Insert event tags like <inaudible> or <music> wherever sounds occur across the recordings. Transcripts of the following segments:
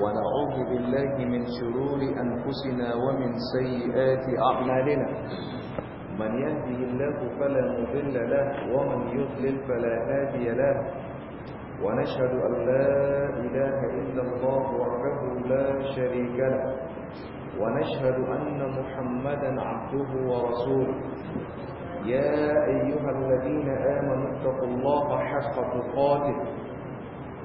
ونعوذ بالله من شرور أنفسنا ومن سيئات أعمالنا من يهده الله فلا مضل له ومن يضلل فلا هادي له ونشهد أن لا إله إلا الله وحده لا شريك له ونشهد أن محمدا عبده ورسوله يا أيها الذين آمنوا اتقوا الله حق تقاته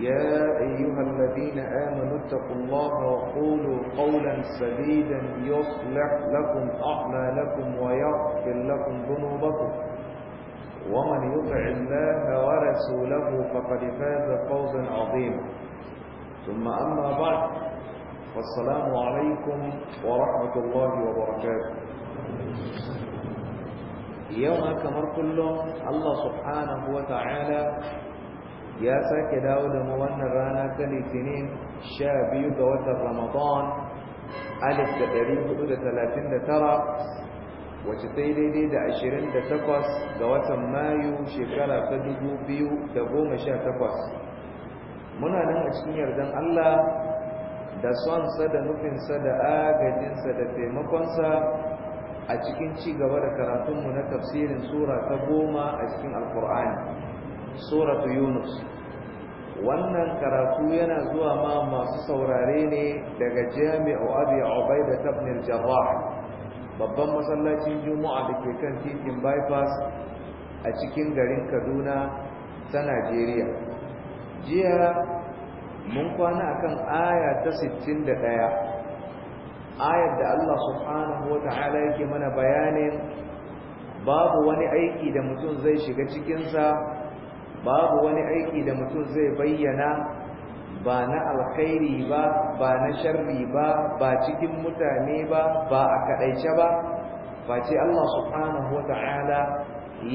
يا أيها الذين آمنوا اتقوا الله وقولوا قولا سديدا يصلح لكم أعمالكم ويغفر لكم ذنوبكم ومن يطع الله ورسوله فقد فاز فوزا عظيما ثم أما بعد والسلام عليكم ورحمة الله وبركاته يوم كمر كله الله سبحانه وتعالى ya sake dawo da mu wannan rana ta litinin sha biyu ga watan ramadan alif da ɗari hudu da talatin da tara wacce ta yi daidai da ashirin da takwas ga watan mayu shekara ta dubu biyu da goma sha takwas muna nan a cikin yardan allah da sonsa da nufinsa da agajinsa da taimakonsa a cikin ci gaba da karatunmu na tafsirin sura ta goma a cikin alkur'ani suratu yunus wannan karatu yana zuwa ma masu saurare ne daga jami'u abi ubaida ibn al-jarrah babban masallacin juma'a da ke kan titin bypass a cikin garin kaduna ta najeriya jiya mun kwana akan aya ta 61 ayar da Allah subhanahu wa ta'ala yake mana bayanin babu wani aiki da mutum zai shiga cikinsa babu wani aiki da mutum zai bayyana ba na alkhairi ba ba na sharri ba ba cikin mutane ba ba a kadaice ba face Allah subhanahu wata'ala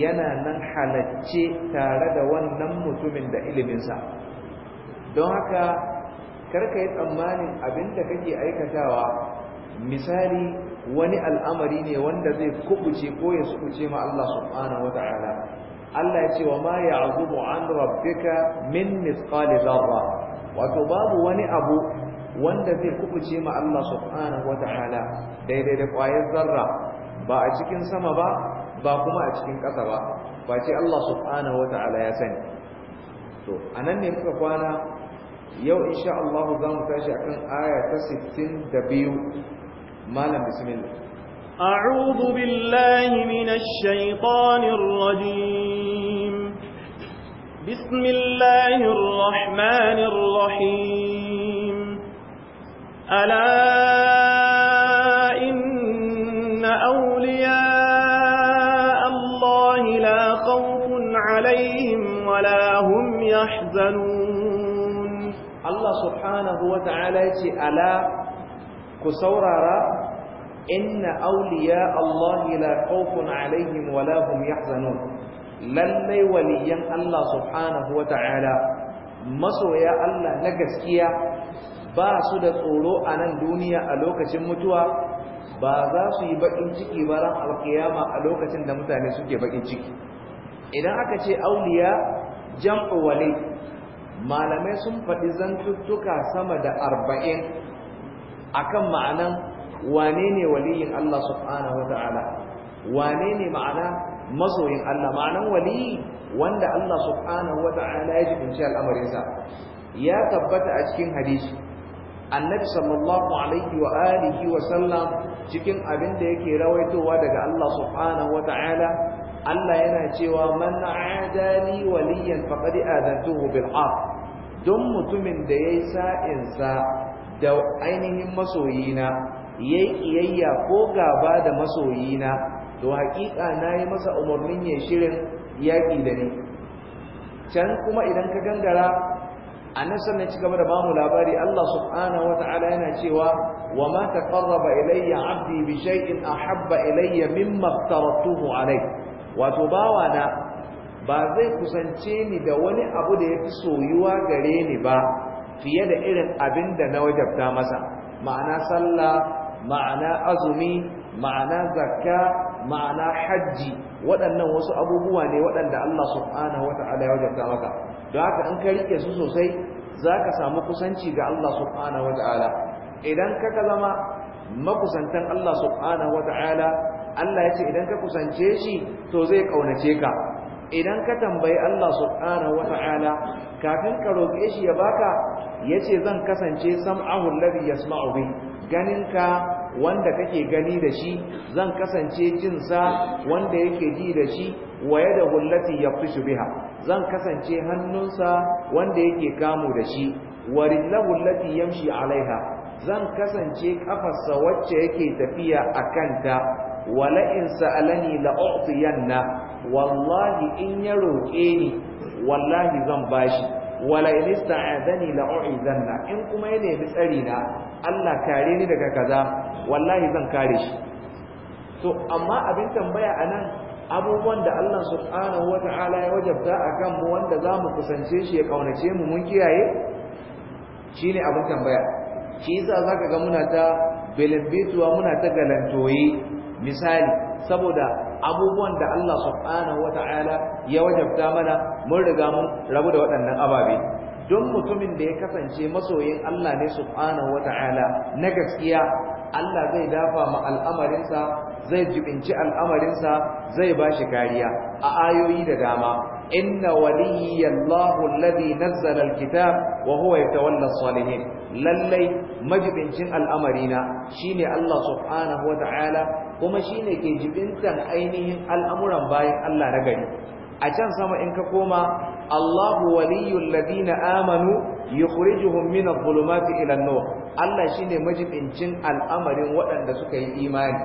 yana nan halacce tare da wannan mutumin da iliminsa don haka karka yi tsammanin abinda kake aikatawa misali wani al'amari ne wanda zai kubuce ko ya sukuce ma Allah subhanahu wata'ala Allah ya ce wa ma ya'zubu an rabbika min mithqali dharra wato babu wani abu wanda zai kubuce ma Allah subhanahu wataala daidai da kwayar zarra ba a cikin sama ba ba kuma a cikin ƙasa ba ba ce Allah subhanahu wataala ya sani to anan ne muka kwana yau insha Allah za mu tashi akan aya ta 62 malam bismillah أعوذ بالله من الشيطان الرجيم بسم الله الرحمن الرحيم ألا إن أولياء الله لا خوف عليهم ولا هم يحزنون الله سبحانه وتعالى ألا كسورارا inna awliya Allah la khawfun alaihim wa la hum yahzanun lallai waliyan Allah subhanahu wa ta'ala masoya Allah na gaskiya ba su da tsoro a nan duniya a lokacin mutuwa ba za su yi bakin ciki ba ran alkiyama a lokacin da mutane suke bakin ciki idan aka ce auliya jam'u wali malamai sun faɗi zantuttuka sama da arba'in akan ma'anan wane ne waliyin Allah subhanahu wa ta'ala wane ne ma'ana masoyin Allah ma'anan waliyi wanda Allah subhanahu wa ta'ala ya jibinci al'amarinsa ya tabbata a cikin hadisi annabi sallallahu alaihi wa alihi wa sallam cikin abin da yake rawaitowa daga Allah subhanahu wa ta'ala Allah yana cewa man adali waliyan faqad adantuhu bil haqq don mutumin da ya yi sa'insa da ainihin masoyina yayi kiyayya ko gaba da masoyina to haƙiƙa nayi masa umarnin ya shirin yaki da ni can kuma idan ka gangara annabi sannan ci gaba da bamu labari Allah subhanahu wataala yana cewa wa ma taqarraba ilayya 'abdi bi shay'in ahabba ilayya mimma aftaratuhu alayhi wato na, ba zai kusance ni da wani abu da yafi soyuwa gare ni ba fiye da irin abin da na wajabta masa ma'ana sallah ma'ana azumi ma'ana zakka ma'ana hajji waɗannan wasu abubuwa ne waɗanda Allah subhanahu wata'ala ya wajabta maka don haka in ka rike su sosai zaka samu kusanci ga Allah subhanahu wata'ala idan ka ka zama makusantan Allah subhanahu wata'ala Allah ya ce idan ka kusance shi to zai ƙaunace ka idan ka tambayi Allah subhanahu wata'ala kafin ka roƙe shi ya baka yace zan kasance sam'ahu alladhi yasma'u bihi ganinka wanda kake gani da shi zan kasance jinsa wanda yake ji da shi wa yada ya yaftishu biha zan kasance hannunsa wanda yake kamu da shi wa rillahu allati yamshi alaiha zan kasance kafarsa wacce yake tafiya a kanta wala in sa'alani u'tiyanna wallahi in ya roƙe ni wallahi zan bashi wala in ista'adani la'u'izanna in kuma ya nemi tsari na Allah kare ni daga kaza wallahi zan kare shi to amma abin tambaya anan abubuwan da Allah subhanahu wata'ala ya wajabta akan mu wanda zamu kusance shi ya kaunace mu mun kiyaye shine abin tambaya shi yasa zaka ga muna ta belbetuwa muna ta galantoyi misali saboda abubuwan da Allah subhanahu wata'ala ya wajabta mana mun riga mun rabu da waɗannan ababe don mutumin da ya kasance masoyin Allah ne subhanahu wata'ala na gaskiya Allah zai dafa ma al'amarinsa zai jibinci al'amarinsa zai ba shi kariya a ayoyi da dama inna waliyyi Allahu alladhi nazzala alkitab wa huwa yatawalla salihin lallai majibincin al'amarina shine Allah subhanahu wata'ala kuma shine ke jibintan ainihin al'amuran bayan Allah na gari a can sama in ka koma Allahu waliyul ladina amanu yukhrijuhum min adh-dhulumati ila an-nur Allah shine majibincin al'amarin waɗanda suka yi imani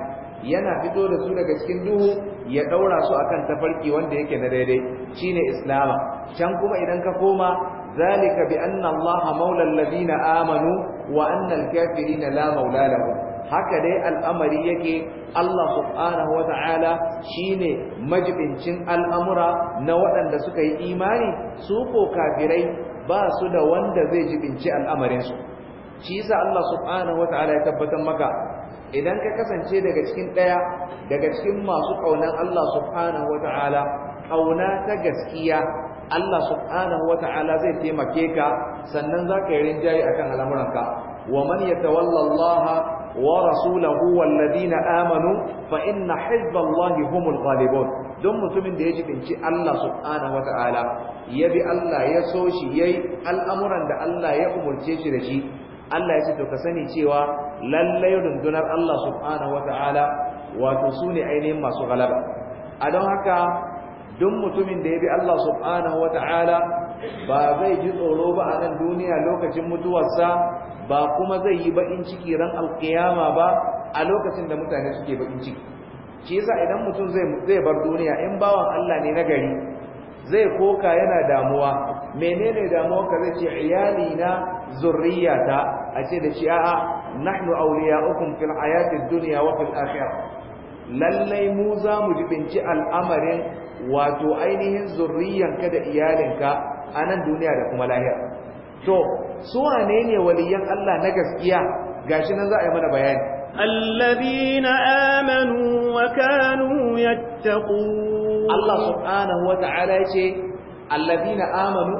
yana fito da su daga cikin duhu ya daura su akan tafarki wanda yake na daidai shine islama can kuma idan ka koma zalika bi anna Allah maula amanu wa anna al-kafirina la maula lahum haka dai al'amari yake Allah subhanahu wa ta'ala shi ne majibincin al'amura na waɗanda suka yi imani su ko kafirai ba su da wanda zai jibinci al'amarinsu shi sa Allah subhanahu wa ta'ala ya tabbatar maka idan ka kasance daga cikin ɗaya daga cikin masu ƙaunar Allah subhanahu wa ta'ala ƙauna ta gaskiya Allah subhanahu wa ta'ala zai taimake ka sannan za ka yi rinjaye akan al'amuranka wa man yatawalla ورسوله والذين آمنوا فإن حزب الله هم الغالبون Don mutumin da ya jibinci Allah subhanahu ya bi Allah ya so shi yayi al'amuran da Allah ya umurce shi da shi Allah ya ce to ka sani cewa lallai rundunar Allah subhanahu wataala wato sune ainihin masu galaba a don haka duk mutumin da ya bi Allah subhanahu ta'ala ba zai ji tsoro ba a nan duniya lokacin mutuwarsa ba kuma zai yi baƙin ciki ran alƙiyama ba a lokacin da mutane suke baƙin ciki shi yasa idan mutum zai bar duniya in bawan Allah ne na gari zai koka yana damuwa menene damuwa ka zai ce iyali na zurriyata a ce da shi a'a nahnu awliya'ukum fil hayatid dunya wa fil akhirah lallai mu za mu jibinci al'amarin wato ainihin zurriyanka da iyalinka a nan duniya da kuma lahira to su wane ne waliyan Allah na gaskiya gashi nan za a yi mana bayani alladhina amanu wa kanu yattaqun Allah subhanahu wa ta'ala yace alladhina amanu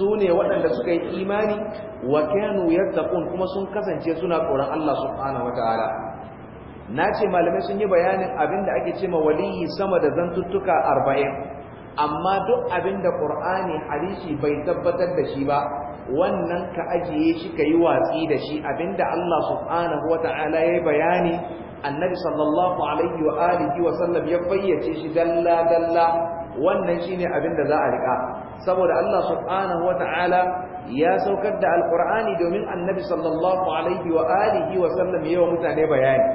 sune waɗanda suka yi imani wa kanu yattaqun kuma sun kasance suna tsoron Allah subhanahu wa ta'ala nace malamai sun yi bayanin abinda ake cewa waliyi sama da zantuttuka 40 amma duk abinda Qur'ani hadisi bai tabbatar da shi ba wannan ka ajiye shi ka yi watsi da shi abinda Allah subhanahu wa ta'ala ya bayani annabi sallallahu alaihi wa alihi wa sallam ya fayyace shi dalla dalla wannan shine abinda za a rika saboda Allah subhanahu wa ta'ala ya saukar da alqur'ani domin annabi sallallahu alaihi wa alihi wa sallam ya wa mutane bayani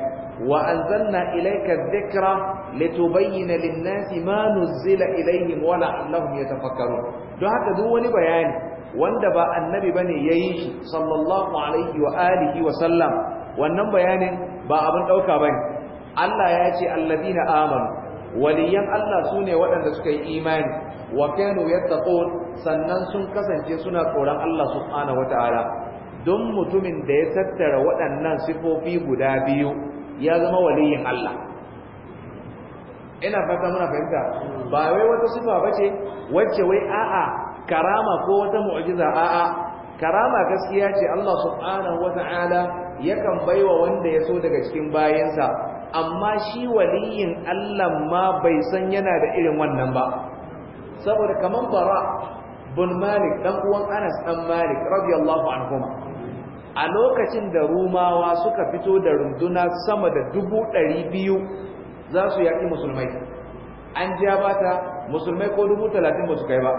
wa anzalna ilayka dhikra litubayyana lin-nasi ma nuzila ilayhim wa la'allahum yatafakkarun don haka duk wani bayani wanda ba annabi bane yayi shi sallallahu alaihi wa alihi wa sallam wannan bayanin ba abin dauka bane Allah ya ce alladina amanu waliyan Allah sune waɗanda suka yi imani wa kanu yattaqun sannan sun kasance suna tsoron Allah subhanahu wataala don mutumin da ya tattara waɗannan sifofi guda biyu ya zama waliyin Allah ina fata muna fahimta ba wai wata sifa bace wacce wai a'a karama ko wata mu'jiza a'a karama gaskiya ce Allah subhanahu wata'ala yakan baiwa wanda ya so daga cikin bayansa amma shi waliyin Allah ma bai san yana da irin wannan ba saboda kaman bara bin malik dan uwan Anas dan Malik radiyallahu anhuma a lokacin da rumawa suka fito da runduna sama da dubu ɗari biyu za su yaƙi musulmai an ja bata musulmai ko dubu talatin ba su kai ba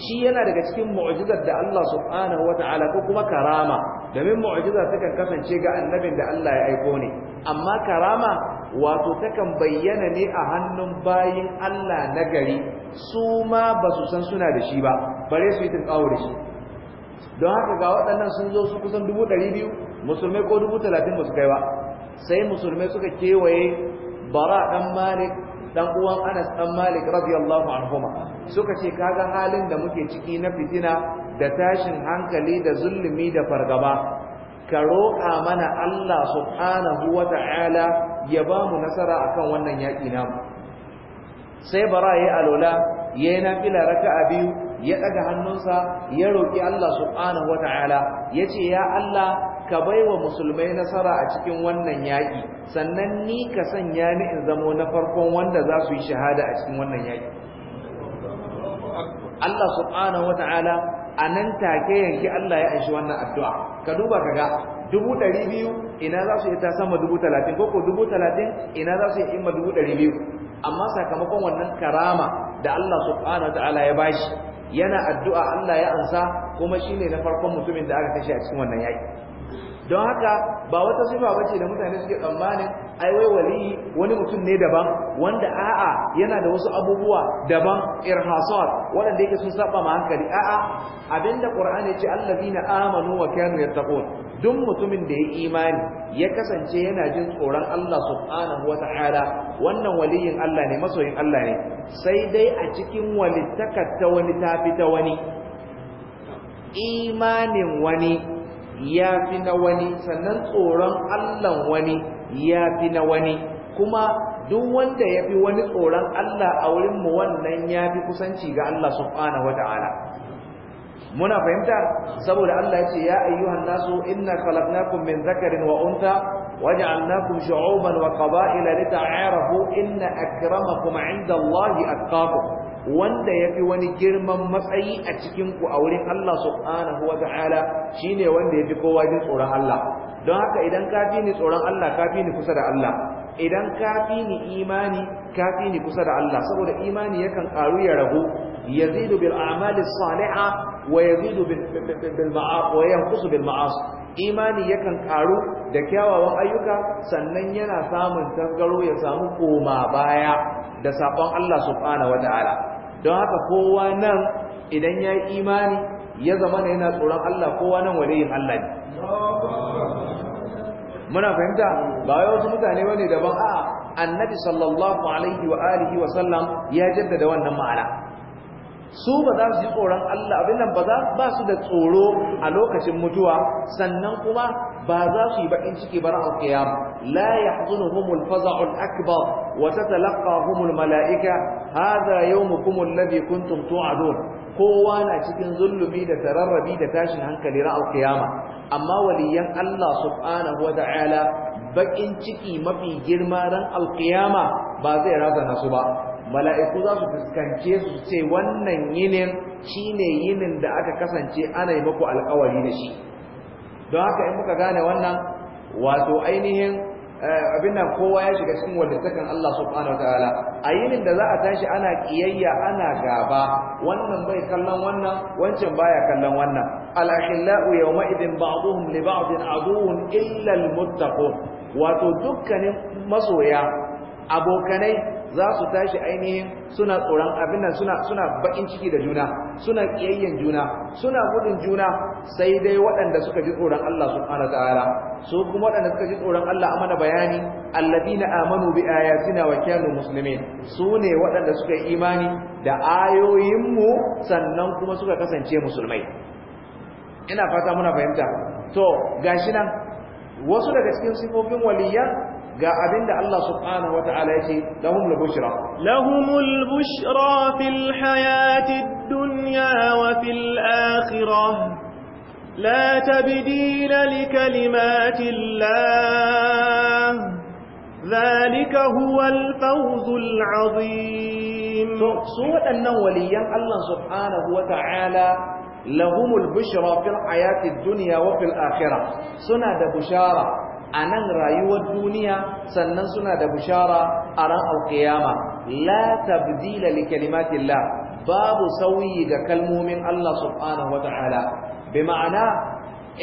shi yana daga cikin mu'jizar da Allah subhanahu wata'ala ko kuma karama domin mu'jiza takan kasance ga annabin da Allah ya aiko ne amma karama wato takan bayyana ne a hannun bayin Allah na gari su ma ba su san suna da shi ba bare su yi tinkawo da shi don haka ga waɗannan sun zo su kusan dubu ɗari biyu musulmai ko dubu talatin ba su kai ba sai musulmai suka kewaye bara ɗan malik dan uwan Anas dan Malik radiyallahu anhuma suka ce kaga halin da muke ciki na fitina da tashin hankali da zulumi da fargaba ka roƙa mana Allah subhanahu wata'ala ya ba mu nasara akan wannan yaƙi namu sai bara yayi alola yayi yi nafila raka'a biyu ya ɗaga hannunsa ya roƙi Allah subhanahu wata'ala ya ce ya Allah ka baiwa musulmai nasara a cikin wannan yaƙi sannan ni ka sanya ni in zamo na farkon wanda za su yi shahada a cikin wannan yaƙi Allah subhanahu wata'ala a nan take yanki Allah ya aishi wannan addu'a ka duba ka ga dubu ɗari biyu ina za su yi ta sama dubu talatin ko ko dubu talatin ina za su yi imma dubu ɗari biyu amma sakamakon wannan karama da Allah subhanahu wata'ala ya bashi yana addu'a Allah ya ansa kuma shine na farkon mutumin da aka kashe a cikin wannan yaƙi don haka ba wata sifa ce da mutane suke tsammanin ai wai wali wani mutum ne daban wanda a'a yana da wasu abubuwa daban irhasat wanda yake sun saba ma hankali a'a abinda qur'ani ya ce allazina amanu wa kanu yattaqun duk mutumin da ya imani ya kasance yana jin tsoron Allah subhanahu wa ta'ala wannan waliyin Allah ne masoyin Allah ne sai dai a cikin walittaka ta wani tafi ta wani imanin wani ya fi na wani sannan tsoron Allah wani ya fi na wani kuma duk wanda ya fi wani tsoron Allah a wurin mu wannan ya fi kusanci ga Allah subhanahu wata'ala muna fahimta saboda Allah ya ce ya ayyuhan nasu inna khalaqnakum min zakarin wa untha waj'alnakum shu'uban wa qaba'ila lita'arafu inna akramakum 'inda Allahi atqakum wanda ya fi wani girman matsayi a cikinku a wurin Allah subhanahu wa ta'ala shi ne wanda ya fi kowa jin tsoron Allah don haka idan ka fi ni tsoron Allah ka fi ni kusa da Allah idan ka fi ni imani ka fi ni kusa da Allah saboda imani yakan ƙaru ya ragu yazidu bil a'mali salihah wa yazidu bil ma'as wa yanqusu bil ma'as imani yakan ƙaru da kyawawan ayyuka sannan yana samun tangaro ya samu koma baya da sabon Allah subhanahu wa ta'ala don haka kowa nan idan ya yi imani ya zama na yana tsoron Allah kowa nan waliyin Allah ne muna fahimta ba wai wasu mutane bane daban a'a annabi sallallahu alaihi wa alihi wa sallam ya jaddada wannan ma'ana su ba za su yi tsoron Allah abin nan ba za ba su da tsoro a lokacin mutuwa sannan kuma ba za su yi baƙin ciki ba ran alqiyam la yahzunuhumul faza'ul akbar wa humul malaika yau hadha yawmukum alladhi kuntum tu'adun kowa na cikin zulumi da tararrabi da tashin hankali ran alqiyama amma waliyan Allah subhanahu wa ta'ala baƙin ciki mafi girma ran alƙiyama ba zai razana su ba mala'iku za su fuskance su ce wannan yinin shine yinin da aka kasance ana yi muku alkawari da shi don haka in muka gane wannan wato ainihin eh, abin nan kowa ya shiga cikin walittakan Allah subhanahu wataala a yinin da za a tashi ana kiyayya ana gaba wannan bai kallon wannan wancan baya kallon wannan al-akhillau yawma idin ba'dhum li ba'din aduwwun illa al wato dukkanin masoya abokanai za su tashi ainihin suna tsoron abin nan suna suna bakin ciki da juna suna kiyayyen juna suna gudun juna sai dai waɗanda suka ji tsoron Allah subhanahu ta'ala su kuma waɗanda suka ji tsoron Allah a mana bayani alladina amanu bi ayatina wa kanu muslimin su ne waɗanda suka yi imani da ayoyinmu sannan kuma suka kasance musulmai ina fata muna fahimta to gashi nan wasu daga cikin sifofin waliyan ga abinda Allah subhanahu wataala yace lahumul bushra lahumul bushra fil hayatid dunya wa fil akhirah la tabdila likalimati llah zalika huwal fawzul azim to su wadannan waliyan Allah subhanahu wataala lahumul bushra fil hayatid dunya wa fil akhirah suna da bushara a nan rayuwar duniya sannan suna da bishara a ran alkiyama la tabdila li kalimatillah babu sauyi ga kalmomin Allah subhanahu wataala bi ma'ana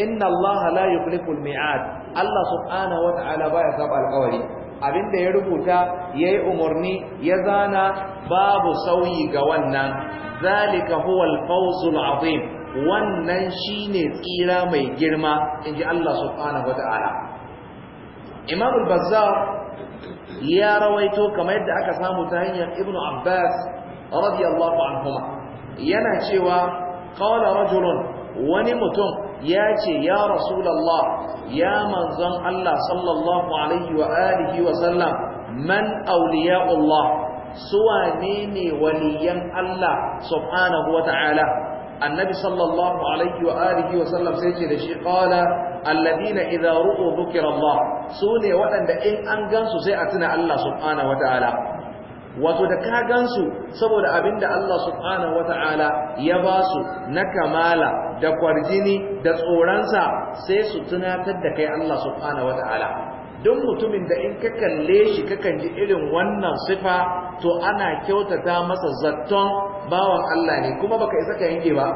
inna Allah la yukhliqu al-mi'ad Allah subhanahu wataala baya saba alƙawari abinda ya rubuta yayi umarni ya zana babu sauyi ga wannan zalika huwa al-fawzul azim wannan shine tsira mai girma inji Allah subhanahu wataala imam al-bazzar ya rawaito kamar yadda aka samu ta hanyar ibn abbas radiyallahu anhuma yana cewa qala rajulun wani mutum ya ce ya rasulullah ya manzon Allah sallallahu alaihi wa alihi wa sallam man awliya'ullah suwa ne ne waliyan Allah subhanahu wa ta'ala annabi sallallahu alaihi wa alihi wa sallam sai ce da shi qala alladhina idza ru'u dhukira Allah su ne waɗanda in an gansu sai a tuna Allah subhanahu ta'ala, wato da ka gansu saboda abin da Allah subhanahu ta'ala ya ba su na kamala da kwarjini da tsoronsa sai su tunatar da kai Allah subhanahu ta'ala. don mutumin da in ka kalle shi kakan ji irin wannan sifa to ana kyautata masa zaton bawan Allah ne kuma baka isa ka yanke ba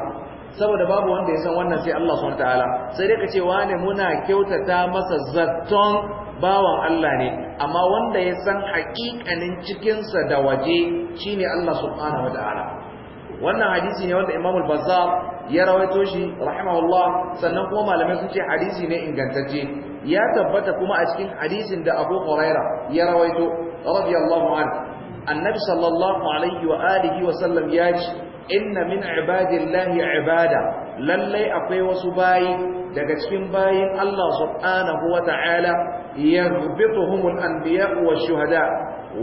saboda babu wanda ya san wannan sai Allah subhanahu wataala sai dai ka ce ne muna kyautata masa zatton bawan Allah ne amma wanda ya san haƙiƙanin cikinsa da waje shine Allah subhanahu ta'ala. wannan hadisi ne wanda Imam al-Bazzar ya rawaito shi rahimahullah sannan kuma malamai sun ce hadisi ne ingantacce ya tabbata kuma a cikin hadisin da Abu Huraira ya rawaito radiyallahu anhu annabi sallallahu alaihi wa alihi wa sallam ya ce inna min ibadillahi ibada lallai akwai wasu bayi daga cikin bayin Allah subhanahu wata'ala yaghbituhumul anbiya wa shuhada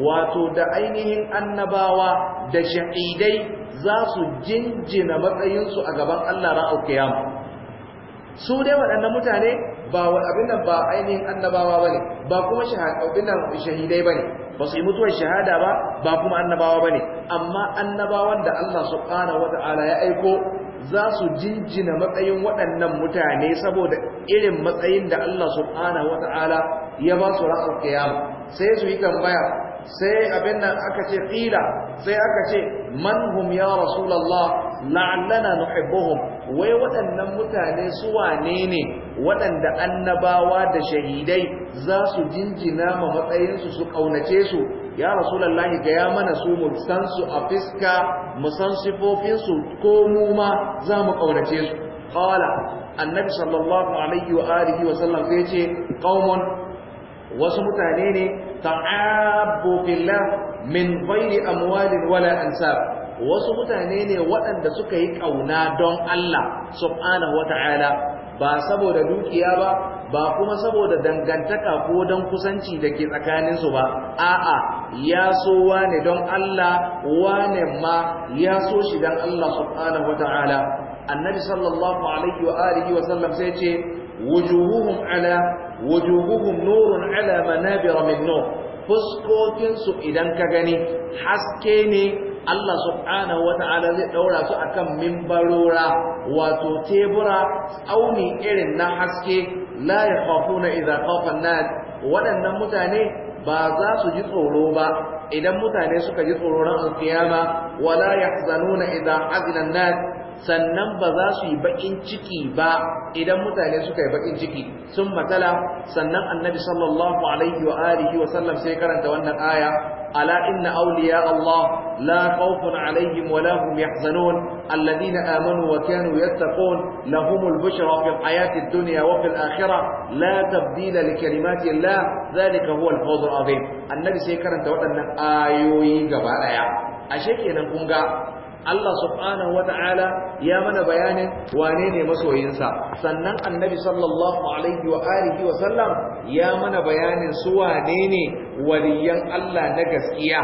wato da ainihin annabawa da shahidai za su jinjina matsayinsu a gaban Allah ra'au kiyama su dai waɗannan mutane ba abin nan ba ainihin annabawa bane ba kuma shahidai bane ba su yi mutuwar shahada ba ba kuma annabawa ba ne amma annabawan da Allah subhanahu ya aiko za su jinjina matsayin waɗannan mutane saboda irin matsayin da Allah subhanahu wata'ala ya ba su ranar kiyama sai su yi tambaya sai abin nan aka ce qila sai aka ce man hum ya rasulullah la'allana nuhibbuhum wai waɗannan mutane su wane ne waɗanda annabawa da shahidai za su jinjina ma matsayinsu su ƙaunace su ya rasulallahi ga ya mana su mu san su a fiska mu san sifofinsu ko mu ma za mu ƙaunace su qala annabi sallallahu alaihi wa alihi wa sallam sai ce qaumun wasu mutane ne ta'abbu billah min ghairi amwalin wala ansab wasu mutane ne waɗanda suka yi ƙauna don Allah subhanahu wa ta'ala ba saboda dukiya ba ba kuma saboda dangantaka ko don kusanci da ke tsakaninsu ba a'a ya so wane don Allah wane ma ya so shi don Allah subhanahu wa ta'ala annabi sallallahu alaihi wa alihi wa sallam sai ce wujuhuhum ala wujuhuhum nurun ala manabir min nur fuskokin idan ka gani haske ne Allah subhanahu wa ta'ala zai daura su akan mimbarora wato tebura tsauni irin na haske la yakhafuna idza khafa an waɗannan mutane ba za su ji tsoro ba idan mutane suka ji tsoro ran alkiyama wala yahzanuna idza hazina an sannan ba za su yi bakin ciki ba idan mutane suka yi bakin ciki sun matala sannan annabi sallallahu alaihi wa alihi wa sallam sai karanta wannan aya ألا إن أولياء الله لا خوف عليهم ولا هم يحزنون الذين آمنوا وكانوا يتقون لهم البشرى في الحياة الدنيا وفي الآخرة لا تبديل لكلمات الله ذلك هو الفوز العظيم النبي سيكرن تودن آيوي غبايا ashe kenan kun ga Allah subhanahu wata'ala ya mana bayanin wane ne masoyinsa sannan annabi sallallahu alaihi wa alihi wa sallam ya mana bayanin su wane ne waliyan Allah na gaskiya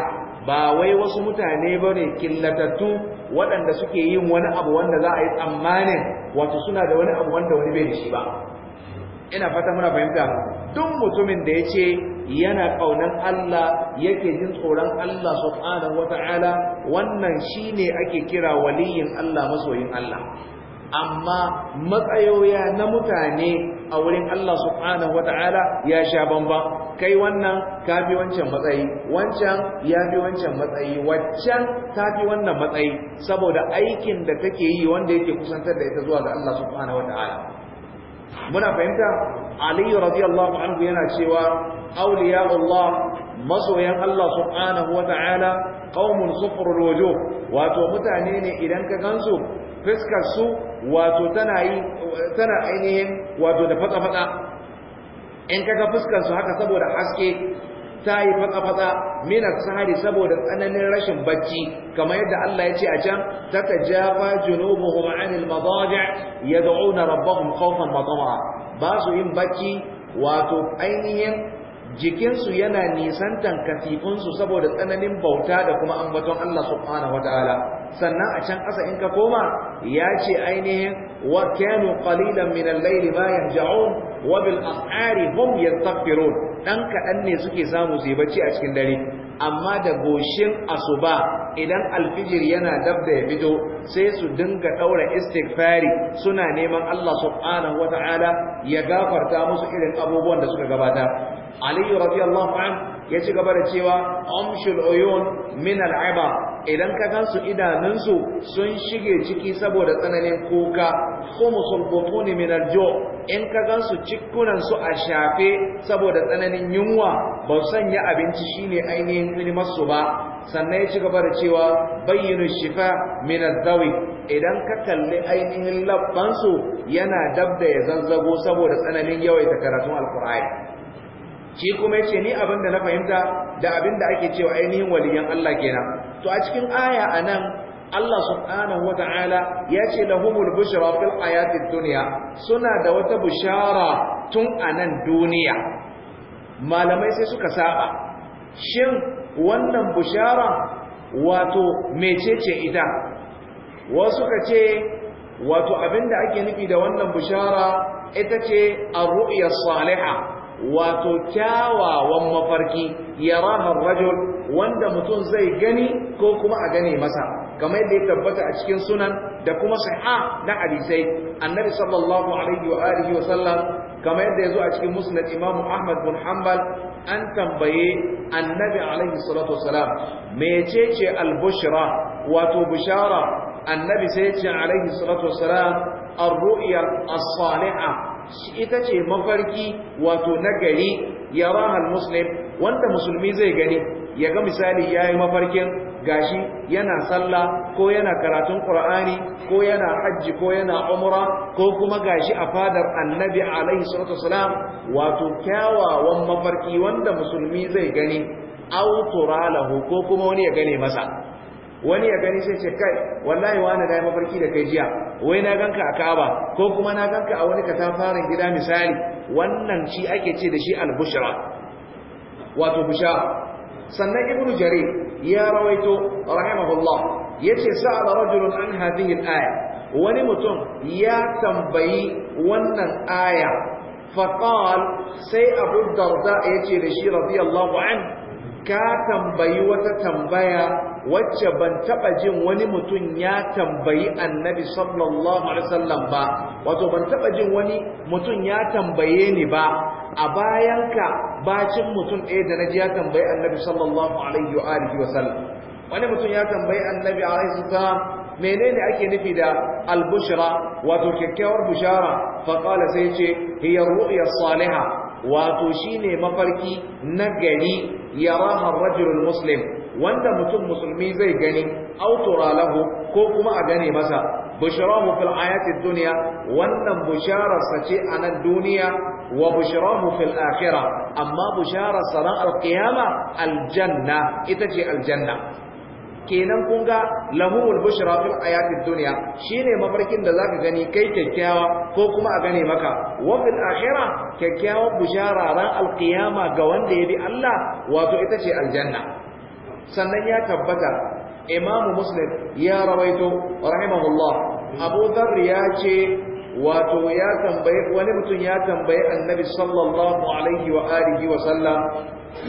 ba wai wasu mutane ba ne killatattu waɗanda suke yin wani abu wanda za a yi tsammanin wato suna da wani abu wanda wani bai da shi ba ina fata muna fahimta duk mutumin da ya ce yana kaunan Allah yake jin tsoron Allah subhanahu wata'ala wannan shine ake kira waliyin Allah masoyin Allah amma matsayoya na mutane a wurin Allah subhanahu wata'ala ya sha bamban kai wannan ka fi wancan matsayi wancan ya fi wancan matsayi waccan ta fi wannan matsayi saboda aikin da take yi wanda yake kusantar da ita zuwa ga Allah subhanahu wata'ala muna fahimta Aliyu radiyallahu anhu yana cewa awliya Allah masoyan Allah subhanahu wa ta'ala qaumun sufrul wujuh wato mutane ne idan ka gansu fiskar su wato tana yi tana ainihin wato da fatsa in kaga fuskar su haka saboda haske ta yi fatsa-fatsa minas sahari saboda tsananin rashin bacci kamar yadda Allah ya ce a can ta ta jafa junubuhum anil madaji' yad'una rabbahum khawfan wa ba su yin bacci wato ainihin jikinsu yana nisantan katifinsu saboda tsananin bauta da kuma ambaton Allah subhanahu sannan a can ƙasa in ka koma ya ce ainihin wa kanu ƙalilan min laili bayan ma wabil as'ari hum tafiro ɗan kaɗan ne suke samu su bacci a cikin dare amma da goshin asuba idan alfijir yana dab da ya fito sai su dinga daura istighfari suna neman Allah subhanahu wataala ya gafarta musu irin abubuwan da suka gabata Ali radiyallahu an ya ci gaba da cewa amshul uyun min al'aba idan ka gansu idanunsu sun shige ciki saboda tsananin kuka khumusul butuni min al-ju' in ka gan su gansu su a shafe saboda tsananin yunwa ba sanya abinci shine ainihin hidimarsu ba sannan ya ci gaba da cewa bayyana shifa min azawi idan ka kalli ainihin su yana dabda ya zazzago saboda tsananin yawaita karatun alkur'ani shi kuma yace ni abin da na fahimta da abin da ake cewa ainihin waliyan Allah kenan to a cikin aya anan Allah subhanahu wa ta'ala ya ce lahumul bushra fil hayatid duniya suna da wata bushara tun a nan duniya malamai sai suka saba shin wannan bushara wato mecece ita wasu ka ce wato abinda ake nufi da wannan bushara ita ce a ru'iyar salihah wato kyawawan mafarki ya rahar rajul wanda mutum zai gani ko kuma a gane masa kamar yadda ya tabbata a cikin sunan da kuma sahha na hadisai annabi sallallahu alaihi wa alihi wa sallam kamar yadda ya zo a cikin musnad imamu ahmad bin hanbal an tambaye annabi alaihi salatu wasalam mecece albushra wato bushara annabi sai ya ce alaihi salatu wasalam ar-ru'ya as-salihah ita ce mafarki wato nagari yarahal muslim wanda musulmi zai gani ya ga misali yi mafarkin gashi yana sallah ko yana karatun qur'ani ko yana hajji ko yana umra ko kuma gashi a fadar annabi alaihi salatu wasalam wato kyawawan mafarki wanda musulmi zai gani autura lahu ko kuma wani ya gane masa wani ya gani sai ce kai wallahi wani da mafarki da kai jiya wai na ganka a Kaaba ko kuma na ganka a wani katafaren gida misali wannan shi ake ce da shi al-bushra wato bushara sannan ibnu jarir ya rawaito rahimahullah yace sa'ala rajulun an hadhihi al-aya wani mutum ya tambayi wannan aya faqal sai abu darda yace da shi radiyallahu an ka tambayi wata tambaya wacce ban taɓa jin wani mutum ya tambayi annabi sallallahu alaihi wasallam ba wato ban taɓa jin wani mutum ya tambaye ni ba a bayanka bacin mutum ɗaya da naji ya tambayi annabi sallallahu alaihi wa wasallam wani mutum ya tambayi annabi alaihi salam menene ake nufi da albushra wato kyakkyawar bushara fa qala sai ce hiya ru'ya salihah wato shine mafarki na gari yaraha rajulul muslim wanda mutum musulmi zai gani autura lahu ko kuma a gani masa bushrahu fil ayati dunya wannan bushara sace a nan duniya wa bushrahu fil akhirah amma bushara sanan alkiyama aljanna, al ita ce aljanna. kenan kun ga lahumul bushra fil ayatid dunya shine mafarkin da zaka gani kai kyakkyawa ko kuma a gane maka wa fil akhirah kyakkyawa bushara ran alqiyama ga wanda ya bi Allah wato ita ce aljanna sannan ya tabbata imamu muslim ya rawaito rahimahullah abu dharr ya ce wato ya tambaye wani mutum ya tambaye annabi sallallahu alaihi wa alihi wa sallam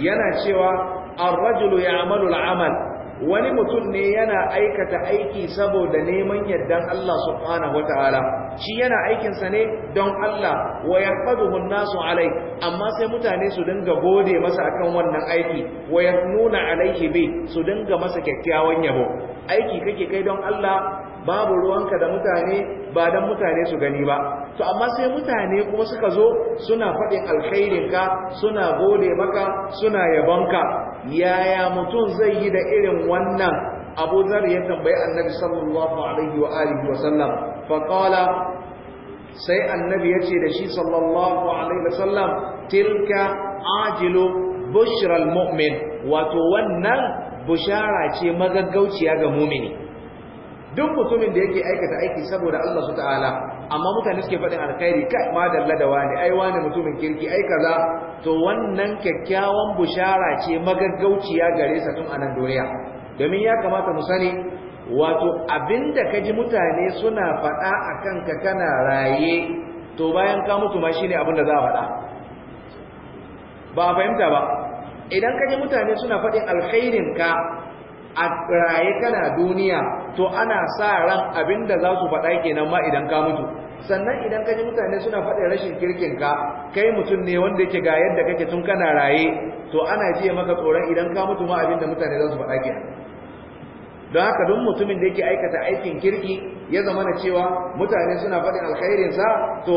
yana cewa ar-rajulu ya'malu al-amal wani mutum ne yana aikata aiki saboda neman yardan Allah subhanahu wataala shi yana aikinsa ne don Allah wa yahfaduhu nasu alai amma sai mutane su dinga gode masa akan wannan aiki wa nuna alaihi bi su dinga masa kyakkyawan yabo aiki kake kai don Allah babu ruwanka da mutane ba dan mutane su gani ba to amma sai mutane kuma suka zo suna faɗin alkhairinka suna gode maka suna yabonka yaya mutum zai yi da irin wannan abu zar ya tambayi annabi sallallahu alaihi wa alihi wa sallam fa qala sai annabi ya ce da shi sallallahu alaihi wa sallam tilka ajilu bushral mu'min wato wannan bushara ce magaggauciya ga mumini duk mutumin da yake aikata aiki saboda Allah su ta'ala amma mutane suke faɗin alkhairi kai ma da da wani ai wani mutumin kirki ai kaza to wannan kyakkyawan bushara ce magaggauciya gare sa tun anan duniya domin ya kamata mu sani wato abinda kaji mutane suna faɗa akan ka kana raye to bayan ka mutu ma shine abin za a faɗa ba a fahimta ba idan kaje mutane suna faɗin alkhairin ka a raye kana duniya to ana sa ran abin da za su faɗa kenan ma idan ka mutu sannan idan ka ji mutane suna faɗa rashin kirkin ka kai mutum ne wanda yake ga yadda kake tun kana raye to ana jiya maka tsoron idan ka mutu ma abin da mutane za su faɗa kenan don haka duk mutumin da yake aikata aikin kirki ya zama na cewa mutane suna faɗin alkhairinsa to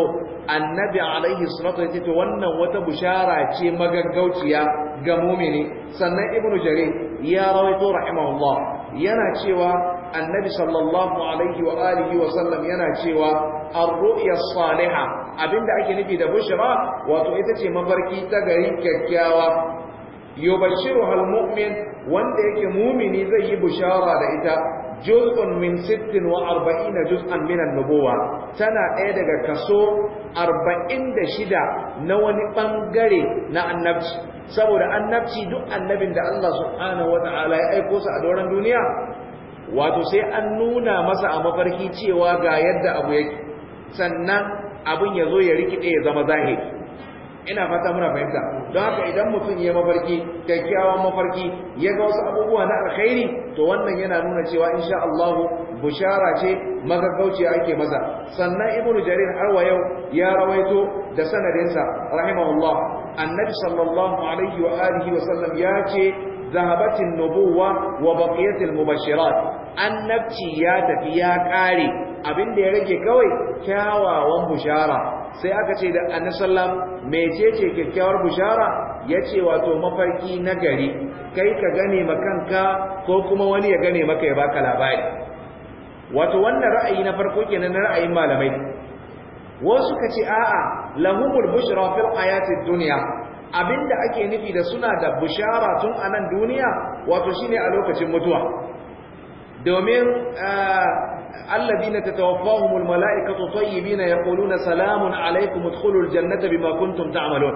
annabi alaihi salatu wasallam to wannan wata bushara ce magaggauciya ga mumini sannan ibnu jarir ya rawaito rahimahullah yana cewa annabi sallallahu alaihi wa alihi wa sallam yana cewa ar-ru'ya salihah abinda ake nufi da bushra wato ita ce mafarki ta gari kyakkyawa yubashiruha al-mu'min wanda yake mumini zai yi bushara da ita juz'un min 46 juz'an min an-nubuwa tana ɗaya daga kaso 46 na wani bangare na annabci saboda annabci duk annabin da Allah subhanahu wata'ala ya aiko su a doron duniya wato sai an nuna masa a mafarki cewa ga yadda abu yake sannan abin ya zo ya rikide ya zama zahiri ina fata muna fahimta don haka idan mutum ya mafarki kyakkyawan mafarki ya ga wasu abubuwa na alkhairi to wannan yana nuna cewa insha Allah bushara ce magagauci ake maza sannan ibnu jarir har wa yau ya rawaito da sanadinsa rahimahullah annabi sallallahu alaihi wa alihi wa sallam ya ce zahabatin nubuwa wa baqiyatil an annabci ya tafi ya ƙare, abinda ya rage kawai kyawawan bushara sai aka ce da annabi sallam mecece kyakkyawar bushara yace wato mafarki na gari kai ka gane makanka ko kuma wani ya gane maka ya baka labari wato wannan ra'ayi na farko kenan na ra'ayin malamai wasu kace a'a lahumul bushra fil ayatid dunya abinda ake nufi da suna da bushara tun a nan duniya wato shine a lokacin mutuwa domin eh, alladina tatawaffahumul mala'ikatu tayyibina yaquluna salamun alaykum udkhulul jannata bima kuntum ta'malun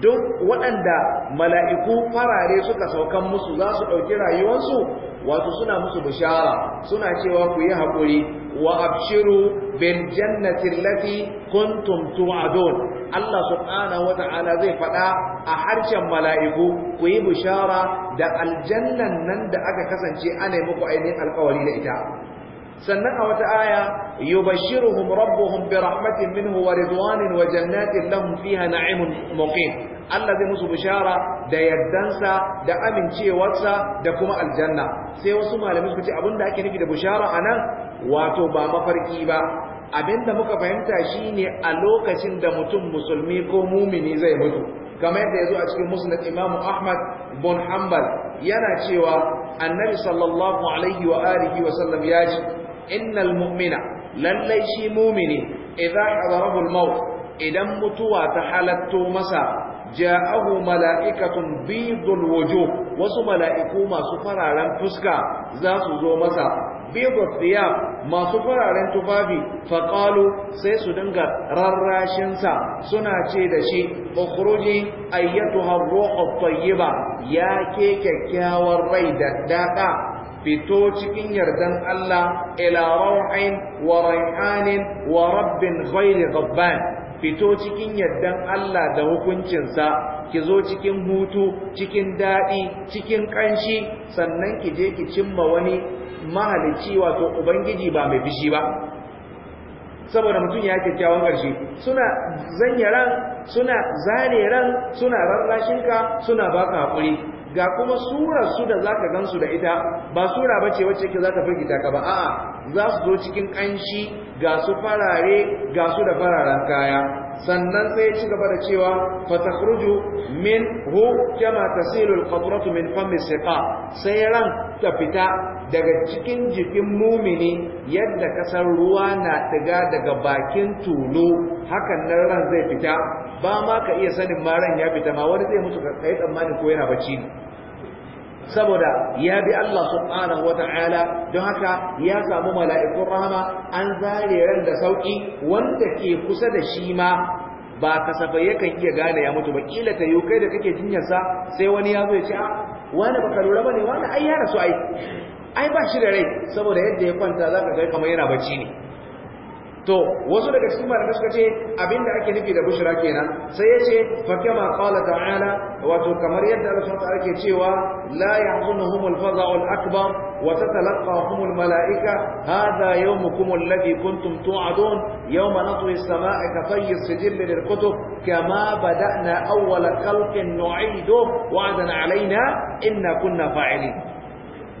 duk waɗanda mala'iku farare suka saukan musu za su ɗauki rayuwarsu wato suna musu bishara suna cewa ku yi haƙuri wa abshiru bil jannati allati kuntum tu'adun Allah subhanahu wata'ala zai faɗa a harshen mala'iku ku yi bishara da aljannan nan da aka kasance ana muku ainihin alƙawari da ita sannan a wata aya yubashshiruhum rabbuhum bi rahmatin minhu wa ridwanin wa jannatin lahum fiha na'imun muqim Allah zai musu bishara da sa, da amincewarsa da kuma aljanna sai wasu malamai suka ce abinda ake nufi da bishara anan wato ba mafarki ba abinda muka fahimta shine a lokacin da mutum musulmi ko mumini zai mutu kamar yadda yazo a cikin musnad Imam Ahmad bin Hanbal yana cewa annabi sallallahu alaihi wa alihi wa sallam ya ce innal mu'mina lallai shi mumini idza hadarahu maut idan mutuwa ta halatto masa ja'ahu mala'ikatun bidul wujuh wasu mala'iku masu fararen fuska za su zo masa bidul thiyab masu fararen tufafi faqalu sai su dinga rarrashin sa suna ce da shi ukhruji ayyatuha ar-ruhu at-tayyiba ya ke kyakkyawar rai da dada fito cikin yardan Allah ila rauhin wa raihanin wa rabbin ghayr ghabban fito cikin yardan Allah da hukuncinsa ki zo cikin hutu cikin daɗi cikin ƙanshi sannan ki je ki cimma wani mahalicci wato ubangiji ba mai bishi ba saboda mutum ya kyakkyawan ƙarshe suna ran suna zane ran suna rarrashinka suna baka haƙuri ga kuma surar su da zaka gansu da ita ba sura bace wacce ke zaka firgita ka ba a'a za su zo cikin kanshi ga su farare ga su da fararen kaya sannan sai ya ci gaba da cewa fatakhruju min hu kama tasilu alqatratu min fami siqa sai ran ta fita daga cikin jikin mumini yadda kasar ruwa na diga daga bakin tulu hakan nan ran zai fita ba ma ka iya sanin ma ran ya fita ma wani zai mutu ka tsammani ko yana bacci ne saboda ya bi Allah subhanahu ta'ala don haka ya samu mala'ikun rahama an zare ran da sauki wanda ke kusa da shi ma ba kasafai yakan iya gane ya mutu ba kila ta yi kai da kake jinyarsa sai wani ya zo ya ce a ah, wani baka lura bane wani ai ya rasu ai ai ba shi da rai saboda yadda ya kwanta zaka kai kamar yana bacci ne to wasu daga cikin malamai suka ce abinda ake nufi da bushra kenan sai ya ce fa kama qala ta'ala wato kamar yadda Allah subhanahu ke cewa la yahzunuhumul faza'ul akbar wa tatalaqahumul malaika hadha yawmukum alladhi kuntum tu'adun yawma natwi as-samaa'a ka tayyi as-sijil lil kutub kama bada'na awwala khalqin nu'idu wa'dan alaina inna kunna fa'ilin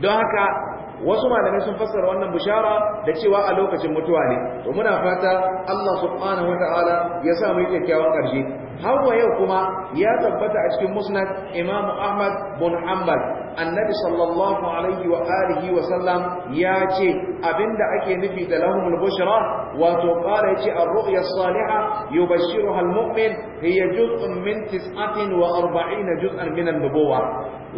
don haka wasu malamai sun fassara wannan bishara da cewa a lokacin mutuwa ne to muna fata Allah subhanahu wataala ya sa mu kyakkyawan karshe har wa yau kuma ya tabbata a cikin musnad imamu ahmad bin hanbal annabi sallallahu alaihi wa alihi wa sallam ya ce abinda ake nufi da lahumul bushra wato qala yace ar-ru'ya as-saliha yubashshiruha al-mu'min hiya juz'un min 49 juz'an min an-nubuwa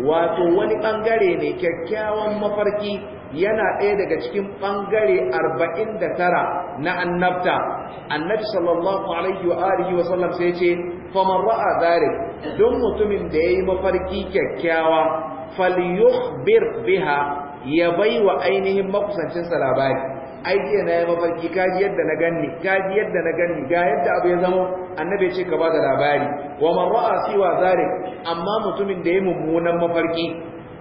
wato wani bangare ne kyakkyawan mafarki yana ɗaya daga cikin ɓangare arba'in da tara na annabta annabi sallallahu alaihi wa alihi wa sallam sai ce man ra'a dhalik don mutumin da yayi mafarki kyakkyawa falyukhbir biha ya wa ainihin makusancin sa labari ai jiya na yi mafarki kaji yadda na ganni kaji yadda na ganni ga yadda abu ya zama annabi ya ce ka bada labari wa man ra'a siwa dhalik amma mutumin da yayi mummunan mafarki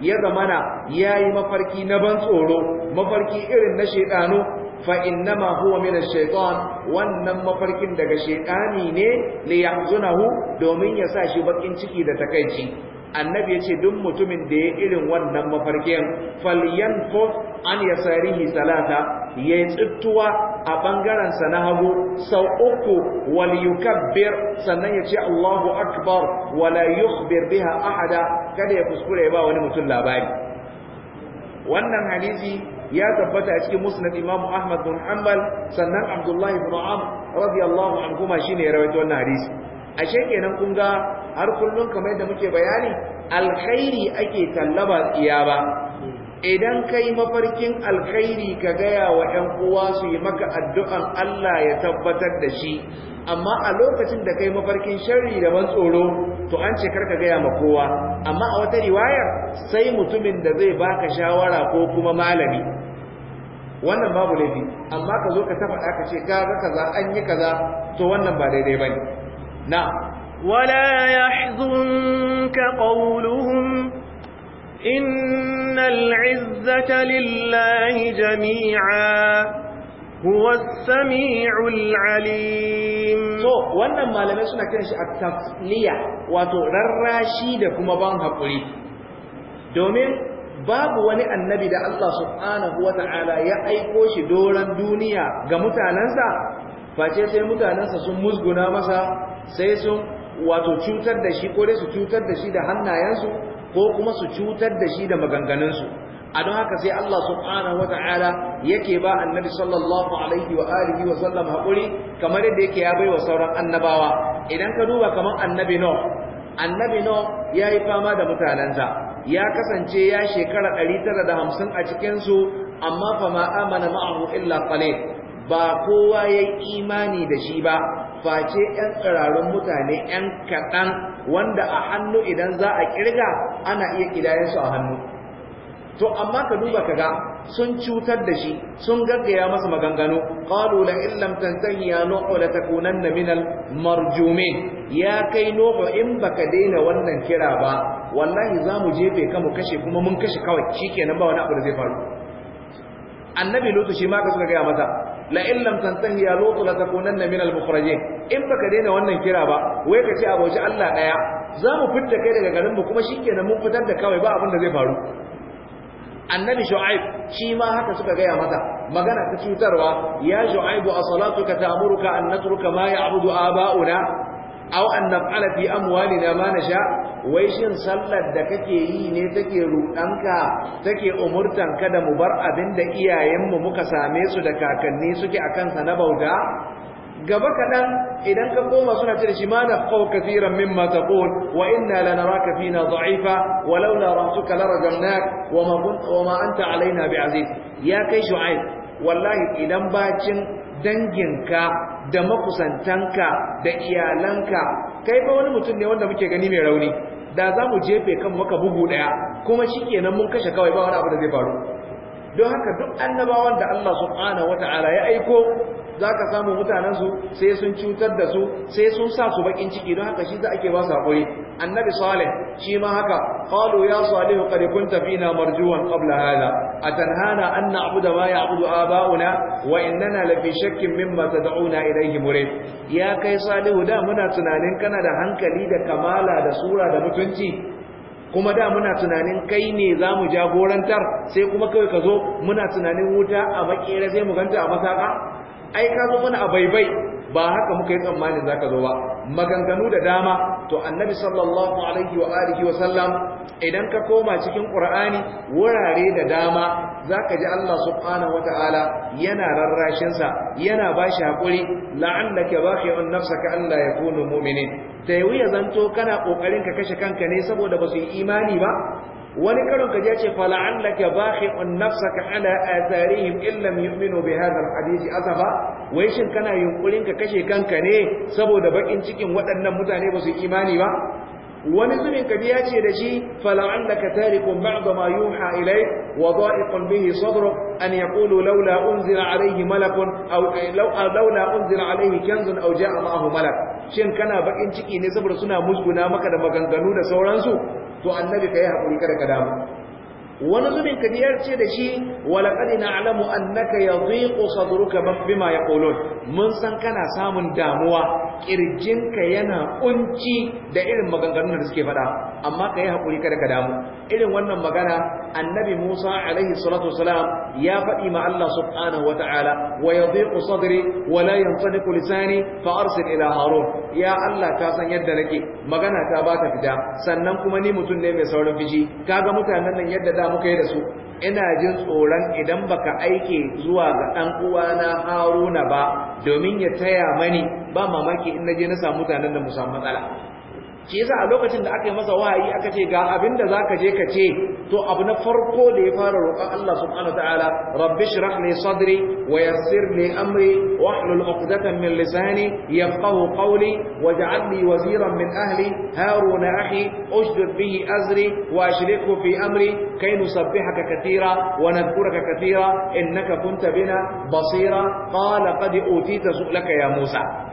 ya zamana yayi mafarki na ban tsoro mafarki irin na shedano fa innama huwa min ash-shaytan wannan mafarkin daga shaytani ne li hu? domin ya sa shi bakin ciki da takaici annabi yace duk mutumin da ya irin wannan mafarkin falyanfuf an yasarihi salata yayi tsittuwa a bangaren sa na hagu sau uku wal yukabbir sannan yace Allahu akbar wala yukhbir biha ahada kada ya kuskure ba wani mutum labari wannan hadisi ya tabbata a cikin musnad imam ahmad bin hanbal sannan abdullah ibn amr radiyallahu anhu ma shine ya rawaito wannan hadisi ashe kenan kun ga har kullun kamar yadda muke bayani alkhairi ake tallaba tsiya ba idan kai mafarkin alkhairi ka gaya wa ‘yan uwa su yi maka addu'an Allah ya tabbatar da shi, amma a lokacin da kai mafarkin sharri da ban tsoro, to an ce karka gaya ma kowa, amma a wata riwayar sai mutumin da zai baka shawara ko kuma malami. Wannan babu laifi, amma ka zo ka tafa aka ce, ka kaza an yi kaza, to wannan ba daidai ba ne. Na. Wala ya in العزة لله جميعا هو السميع العليم so wannan malamai suna kiran shi at-tafliya wato rarrashi da kuma ban hakuri domin babu wani annabi da Allah subhanahu wata'ala ya aiko shi doran duniya ga mutanansa face sai mutanansa sun musguna masa sai sun wato cutar da shi ko dai su cutar da shi da hannayensu ko kuma su cutar da shi da maganganunsu a don haka sai Allah subhanahu wata'ala yake ba annabi sallallahu alaihi wa alihi wa sallam haƙuri kamar yadda yake ya bai wa sauran annabawa idan ka duba kamar annabi no annabi no ya yi fama da mutanensa ya kasance ya shekara 950 a cikinsu amma fa ma amana ma'ahu illa qalil ba kowa ya yi imani da shi ba face 'yan tsirarun mutane 'yan kaɗan wanda a hannu idan za a ƙirga ana iya ƙidayensu a hannu to amma ka duba kaga sun cutar da shi sun gaggaya masa maganganu qalu la in lam tantahi ya nuhu la takunanna min al marjumin ya kai nuhu in baka daina wannan kira ba wallahi za mu jefe ka mu kashe kuma mun kashe kawai shikenan ba wani abu da zai faru annabi lutu shi ma ka suka gaya masa la in lam tantahi ya lutu la takunanna min al mukhrajin in baka daina wannan kira ba wai ka ce aboci Allah daya za mu fitta kai daga garin mu kuma shikenan mun fitar da kawai ba abin da zai faru annabi shu'aib shi ma haka suka gaya mata magana ta cutarwa ya shu'aibu a salatuka ta'muruka an natruka ma ya'budu aba'una aw an naf'ala fi amwalina ma nasha wai shin sallar da kake yi ne take rudanka take umurtanka da mu bar abin da iyayenmu muka same su da kakanni suke akan sa na bauta gaba kaɗan idan ka koma suna ce da shi ma na kawo kafiran min mata ƙon wa ina lanara ka fi na za'ifa wa laula rasu ka larajar na wa ma'anta alaina bi aziz ya kai shu'aib wallahi idan bacin danginka da makusantanka da iyalanka kai ba wani mutum ne wanda muke gani mai rauni da za mu jefe kan maka bugu ɗaya kuma shi kenan mun kashe kawai ba wani abu da zai faru don haka duk annabawan da Allah subhanahu wata'ala ya aiko zaka ka samu mutanensu sai sun cutar da su sai sun sa su bakin ciki don haka shi za ake ba su hakuri annabi salih shi ma haka qalu ya salihu qad kunta fina marjuwan qabla hada atanhana an na'budu ma ya'budu aba'una wa innana la fi shakkin mimma tad'una ilayhi murid ya kai salihu da muna tunanin kana da hankali da kamala da sura da mutunci kuma da muna tunanin kai ne za mu jagorantar sai kuma kawai ka zo muna tunanin wuta a makera sai mu ganta a masaka ai ka zo mana a baibai ba haka muka yi tsammanin zaka zo ba maganganu da dama to annabi sallallahu alaihi wa alihi wa sallam idan ka koma cikin qur'ani wurare da dama zaka ji Allah subhanahu wa ta'ala yana rarrashinsa sa yana bashi hakuri la'allaka baqi'un nafsaka an la yakunu mu'minin da yawi zanto kana kokarin ka kashe kanka ne saboda ba su yi imani ba wani karin kaje ce fala'allaka bakhi'un nafsaka ala atharihim in lam yu'minu bi hadha alhadith azaba wai shin kana yunkurin ka kashe kanka ne saboda bakin cikin waɗannan mutane ba su imani ba wani zubin kaje ya ce da shi fala'allaka tarikun ba'da ma yuha ilay wa da'iqun bihi sadruk an yaqulu laula unzila alayhi malakun aw laula unzila alayhi kanzun aw ja'a ma'ahu malak shin kana bakin ciki ne saboda suna musguna maka da maganganu da sauransu to annabi ka yi haƙuri kada ka damu wani zubin ka diyar ce da shi walaƙari na alamu annaka ya zuƙo sadruka bima ya mun san kana samun damuwa kirjinka yana kunci da irin maganganun da suke faɗa amma ka yi haƙuri kada ka damu irin wannan magana annabi musa alaihi salatu wasalam ya faɗi ma allah subhanahu wa ta'ala wa yadhiqu sadri wa la yantaniqu lisani fa arsil ila harun ya allah ka san yadda nake magana ta ba ta fita sannan kuma ni mutum ne mai saurin fiji, kaga mutanen nan yadda da muka yi da su ina jin tsoron idan baka aike zuwa ga ɗan uwana haruna ba domin ya taya mani ba mamaki in je na samu mutanen da mu samu matsala shi yasa a lokacin da aka yi masa wahayi aka ce ga abin da ka je ka ce to abu na farko da ya fara roƙon Allah subhanahu ta'ala rabbi shrah li sadri wa yassir li amri wa hlul 'uqdatan min lisani yafqahu qawli wa li waziran min ahli harun akhi ushdud bihi azri wa ashrikhu fi amri kay nusabbihaka katira wa nadhkuraka katira innaka kunta bina basira qala qad utita su'laka ya musa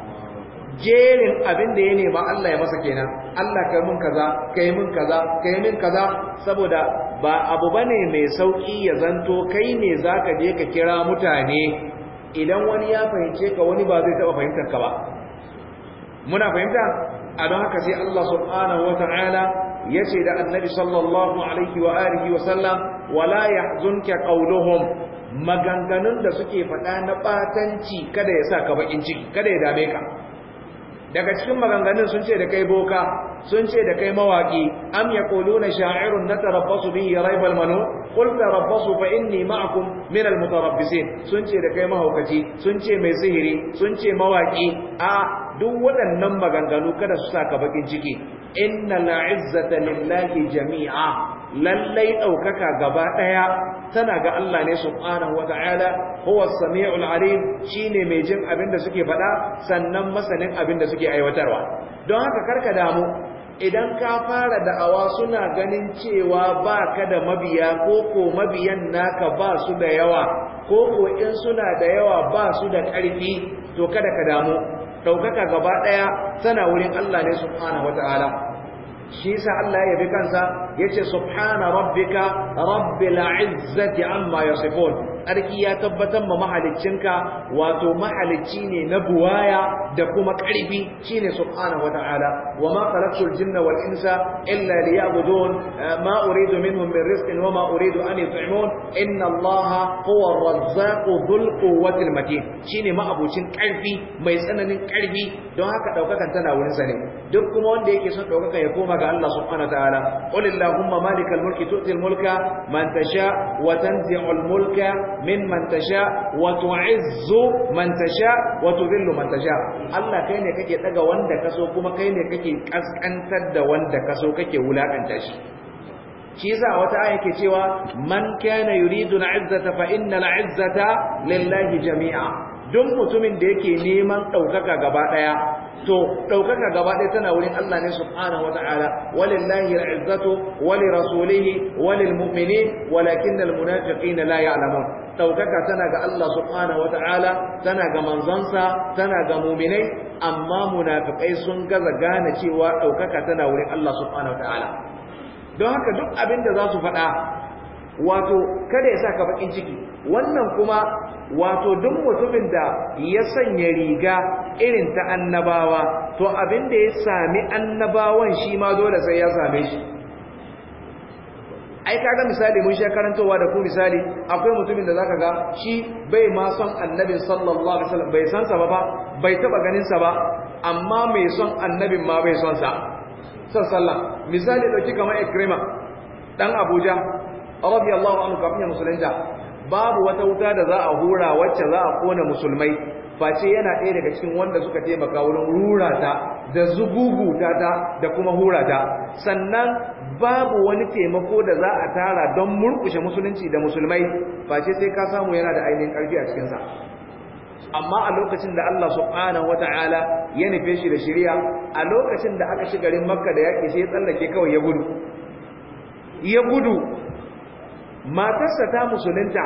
jerin abin da ya nema Allah ya masa kenan Allah kai mun kaza kai mun kaza kai mun kaza saboda ba abu bane mai sauki ya zanto kai ne zaka je ka kira mutane idan wani ya fahimce ka wani ba zai taba fahimtar ka ba muna fahimta a don haka sai Allah subhanahu wata'ala ya ce da annabi sallallahu alaihi wa alihi wa sallam wala yahzunka qawluhum maganganun da suke faɗa na batanci kada ya sa ka bakin ciki kada ya dame ka daga cikin maganganun sun ce da kai boka sun ce da kai mawaki am yaquluna sha'irun natarabbasu bi raibal manu qul tarabbasu fa inni ma'akum min al-mutuwar mutarabbisin sun ce da kai mahaukaci sun ce mai sihiri sun ce mawaki a duk waɗannan maganganu kada su saka bakin ciki innal izzata lillahi jami'a lallai ɗaukaka gaba ɗaya tana ga Allah ne subhanahu wata'ala huwa sami'ul alim shine mai jin abin da suke faɗa sannan masanin abin da suke aiwatarwa don haka karka damu idan ka fara da'awa suna ganin cewa ba ka da mabiya ko ko mabiyan naka ba su da yawa ko ko in suna da yawa ba su da ƙarfi to kada ka damu ɗaukaka gaba ɗaya tana wurin Allah ne subhanahu wata'ala shi yasa Allah ya bi kansa yace subhana rabbika rabbil izzati amma yasifun tsarki ya tabbatar ma mahaliccinka wato mahalicci ne na buwaya da kuma ƙarfi shine subhanahu wata'ala wa ma khalaqtul jinna wal insa illa liya'budun eh, ma uridu minhum min rizqin wa ma uridu an yut'imun inna allaha huwa ar-razzaqu dhul quwwati matin shine ma'abucin ƙarfi mai tsananin ƙarfi don haka daukakan tana wurin sa ne duk kuma wanda yake son daukaka ya koma ga Allah subhanahu wata'ala qul allahumma malikal mulki tu'til mulka man tasha wa tanzi'ul mulka Min tasha wa tu'izzu man tasha wa tudhillu man tasha Allah kai ne kake daga wanda kaso kuma kai ne kake kaskantar da wanda kaso kake wulakanta shi shi yasa wata aya ke cewa man kana yuridu al'izzata fa innal izzata lillahi jami'a duk mutumin da yake neman ɗaukaka gaba ɗaya to ɗaukaka gaba ɗaya tana wurin Allah ne subhanahu wata'ala walillahi al'izzatu wali rasulihi walil mu'minin walakinnal munafiqina la ya'lamun ɗaukaka tana ga Allah subhanahu wata'ala tana ga manzansa tana ga mu'minai amma munafiqai sun gaza gane cewa ɗaukaka tana wurin Allah subhanahu wata'ala don haka duk abin da za su faɗa wato kada ya sa ka bakin ciki wannan kuma wato duk mutumin da ya sanya riga irin ta annabawa to abin da ya sami annabawan shi ma dole sai ya same shi ai kaga misali mun sha karantowa da ku misali akwai mutumin da zaka ga shi bai ma son annabi sallallahu alaihi wasallam bai san sa ba bai taba ganin sa ba amma mai son annabin ma bai son sa sallallahu misali dauki kamar ikrima dan abuja radiyallahu anhu kafin musulunta babu wata wuta da za a hura wacce za a kona musulmai face yana ɗaya daga cikin wanda suka taimaka wurin rura ta da zugugu ta da kuma hura ta sannan babu wani taimako da za a tara don murkushe musulunci da musulmai face sai ka samu yana da ainihin ƙarfi a cikinsa amma a lokacin da Allah subhanahu ta'ala ya nufe shi da shirya a lokacin da aka garin makka da yaƙi sai ya tsallake kawai ya gudu ya gudu matarsa ta musulunta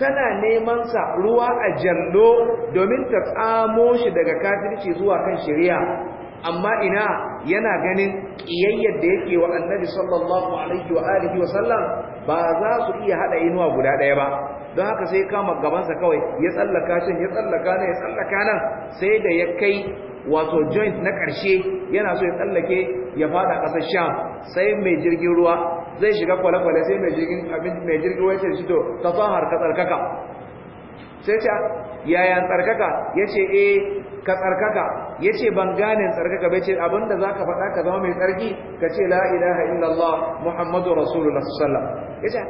tana neman sa ruwa a jallo domin ta tsamo shi daga kafirci zuwa kan shari'a amma ina yana ganin kiyayyar da yake wa annabi sallallahu alaihi wa alihi wa sallam ba za su iya hada inuwa guda ɗaya ba don haka sai kama gabansa kawai ya tsallaka shin ya tsallaka nan ya tsallaka nan sai da ya kai wato joint na ƙarshe yana so ya tsallake ya fada ƙasar sham sai mai jirgin ruwa zai shiga kwale-kwale sai mai jirgin ruwa ce shi to ta fahar ka tsarkaka sai ce yaya tsarkaka ya ce e ka tsarkaka ya ce ban gane tsarkaka bai ce abinda za ka faɗa ka zama mai tsarki ka ce la ilaha illallah muhammadu rasulullah sallam ya ce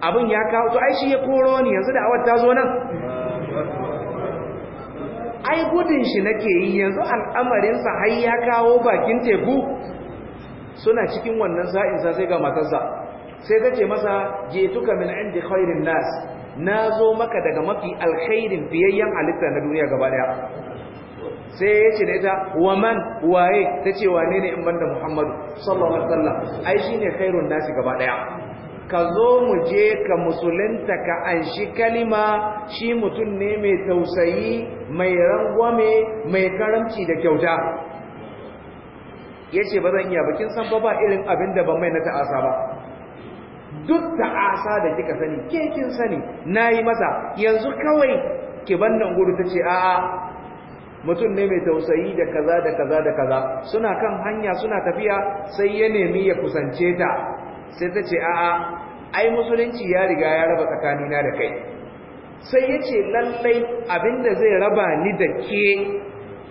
abin ya kawo to ai shi ya koro ni yanzu da awar ta zo nan ai gudun shi nake yi yanzu al'amarinsa har ya kawo bakin teku suna cikin wannan sa'insa sai ga matarsa sai ta ce masa jetuka min indi khairin nas na zo maka daga mafi alkhairin fiyayyen halitta na duniya gaba daya sai ya ce da ita wa man waye ta ce wa ne in banda muhammadu sallallahu alaihi wasallam ai ne khairun nasi gaba daya ka zo mu je ka musulunta ka anshi kalima shi mutum ne mai tausayi mai rangwame mai karamci da kyauta ya ce ba zan iya ba kin san ba ba irin abin da ban mai na ta'asa ba duk ta'asa da kika sani ke kin sani na yi masa yanzu kawai ki bannan gudu ta ce a'a mutum ne mai tausayi da kaza da kaza da kaza suna kan hanya suna tafiya sai ya nemi ya kusance ta sai ta ce a'a ai musulunci ya riga ya raba tsakanina da kai sai ya ce lallai da zai raba ni da ke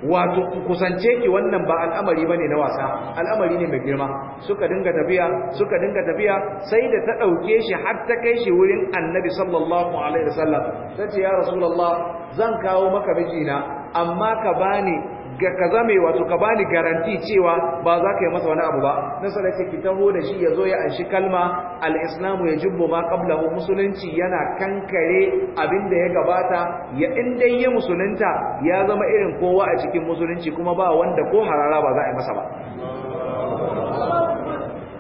wato kusance ki wannan ba al'amari bane na wasa al'amari ne mai girma suka dinga tafiya suka dinga tafiya sai da ta dauke shi har ta kai shi wurin annabi sallallahu alaihi wasallam tace ya rasulullah zan kawo maka mijina amma ka bani ga ka zame wato ka bani garanti cewa ba za ka yi masa wani abu ba na sada ce ki taho da shi ya zo ya anshi kalma al-islamu ya jubbu ma qablahu musulunci yana kankare abin da ya gabata ya in dai ya musulunta ya zama irin kowa a cikin musulunci kuma ba wanda ko harara ba za a yi masa ba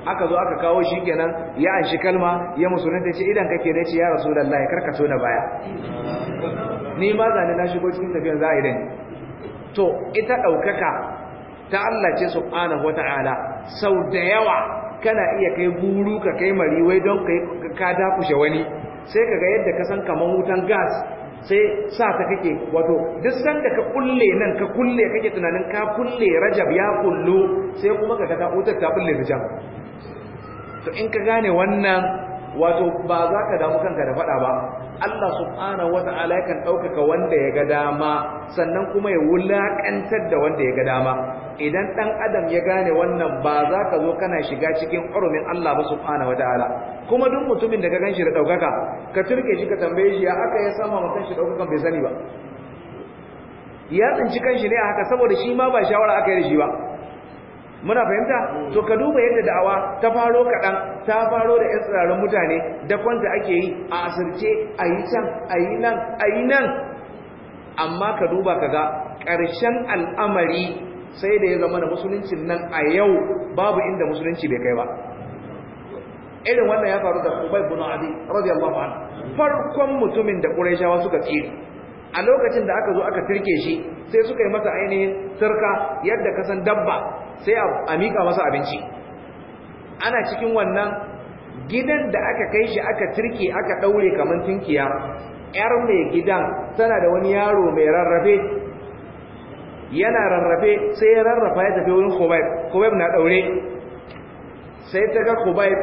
aka zo aka kawo shi kenan ya anshi kalma ya musulunta ce idan kake da ce ya rasulullahi karkato na baya ni ma zane na shigo cikin tafiyar za a yi da to ita ɗaukaka ta Allah ce subhanahu wata'ala sau da yawa kana iya kai buru ka kai mariwai don ka dakushe wani sai kaga yadda ka san kamar hutan gas sai sa ta kake wato duk sanda ka kulle nan ka kulle kake tunanin ka kulle rajab ya kullu sai kuma ka ga ta kulle rajab to in ka gane wannan wato ba za ka damu kanka da faɗa ba Allah subhanahu wata'ala yakan ɗaukaka wanda ya ga dama sannan kuma ya wulaƙantar da wanda ya ga dama idan ɗan adam ya gane wannan ba za ka zo kana shiga cikin hurumin Allah ba subhanahu ta'ala. kuma duk mutumin da ka ganshi da ɗaukaka ka turke shi ka tambaye shi ya aka ya sama ma kanshi ɗaukakan bai sani ba ya tsinci kanshi ne a haka saboda shi ma ba shawara aka yi da shi ba muna fahimta to ka duba yadda da'awa ta faro kaɗan ta faro da 'yan tsirarin mutane da kwanta ake yi a asirce a yi can a yi nan a yi nan amma ka duba ka ga ƙarshen al'amari sai da ya zama da musuluncin nan a yau babu inda musulunci bai kai ba irin wannan ya faru da Ubay ibn Abi radiyallahu anhu farkon mutumin da Qurayshawa suka tsire a lokacin da aka zo aka tirke shi sai suka yi masa ainihin sarka yadda ka san dabba sai a miƙa masa abinci ana cikin wannan gidan da aka kai shi aka turke aka ɗaure kamar tunkiya ‘yar mai gidan tana da wani yaro mai rarrafe yana rarrafe sai ya rarrafa ya tafi wurin kubaib na ɗaure sai ta ga kubaib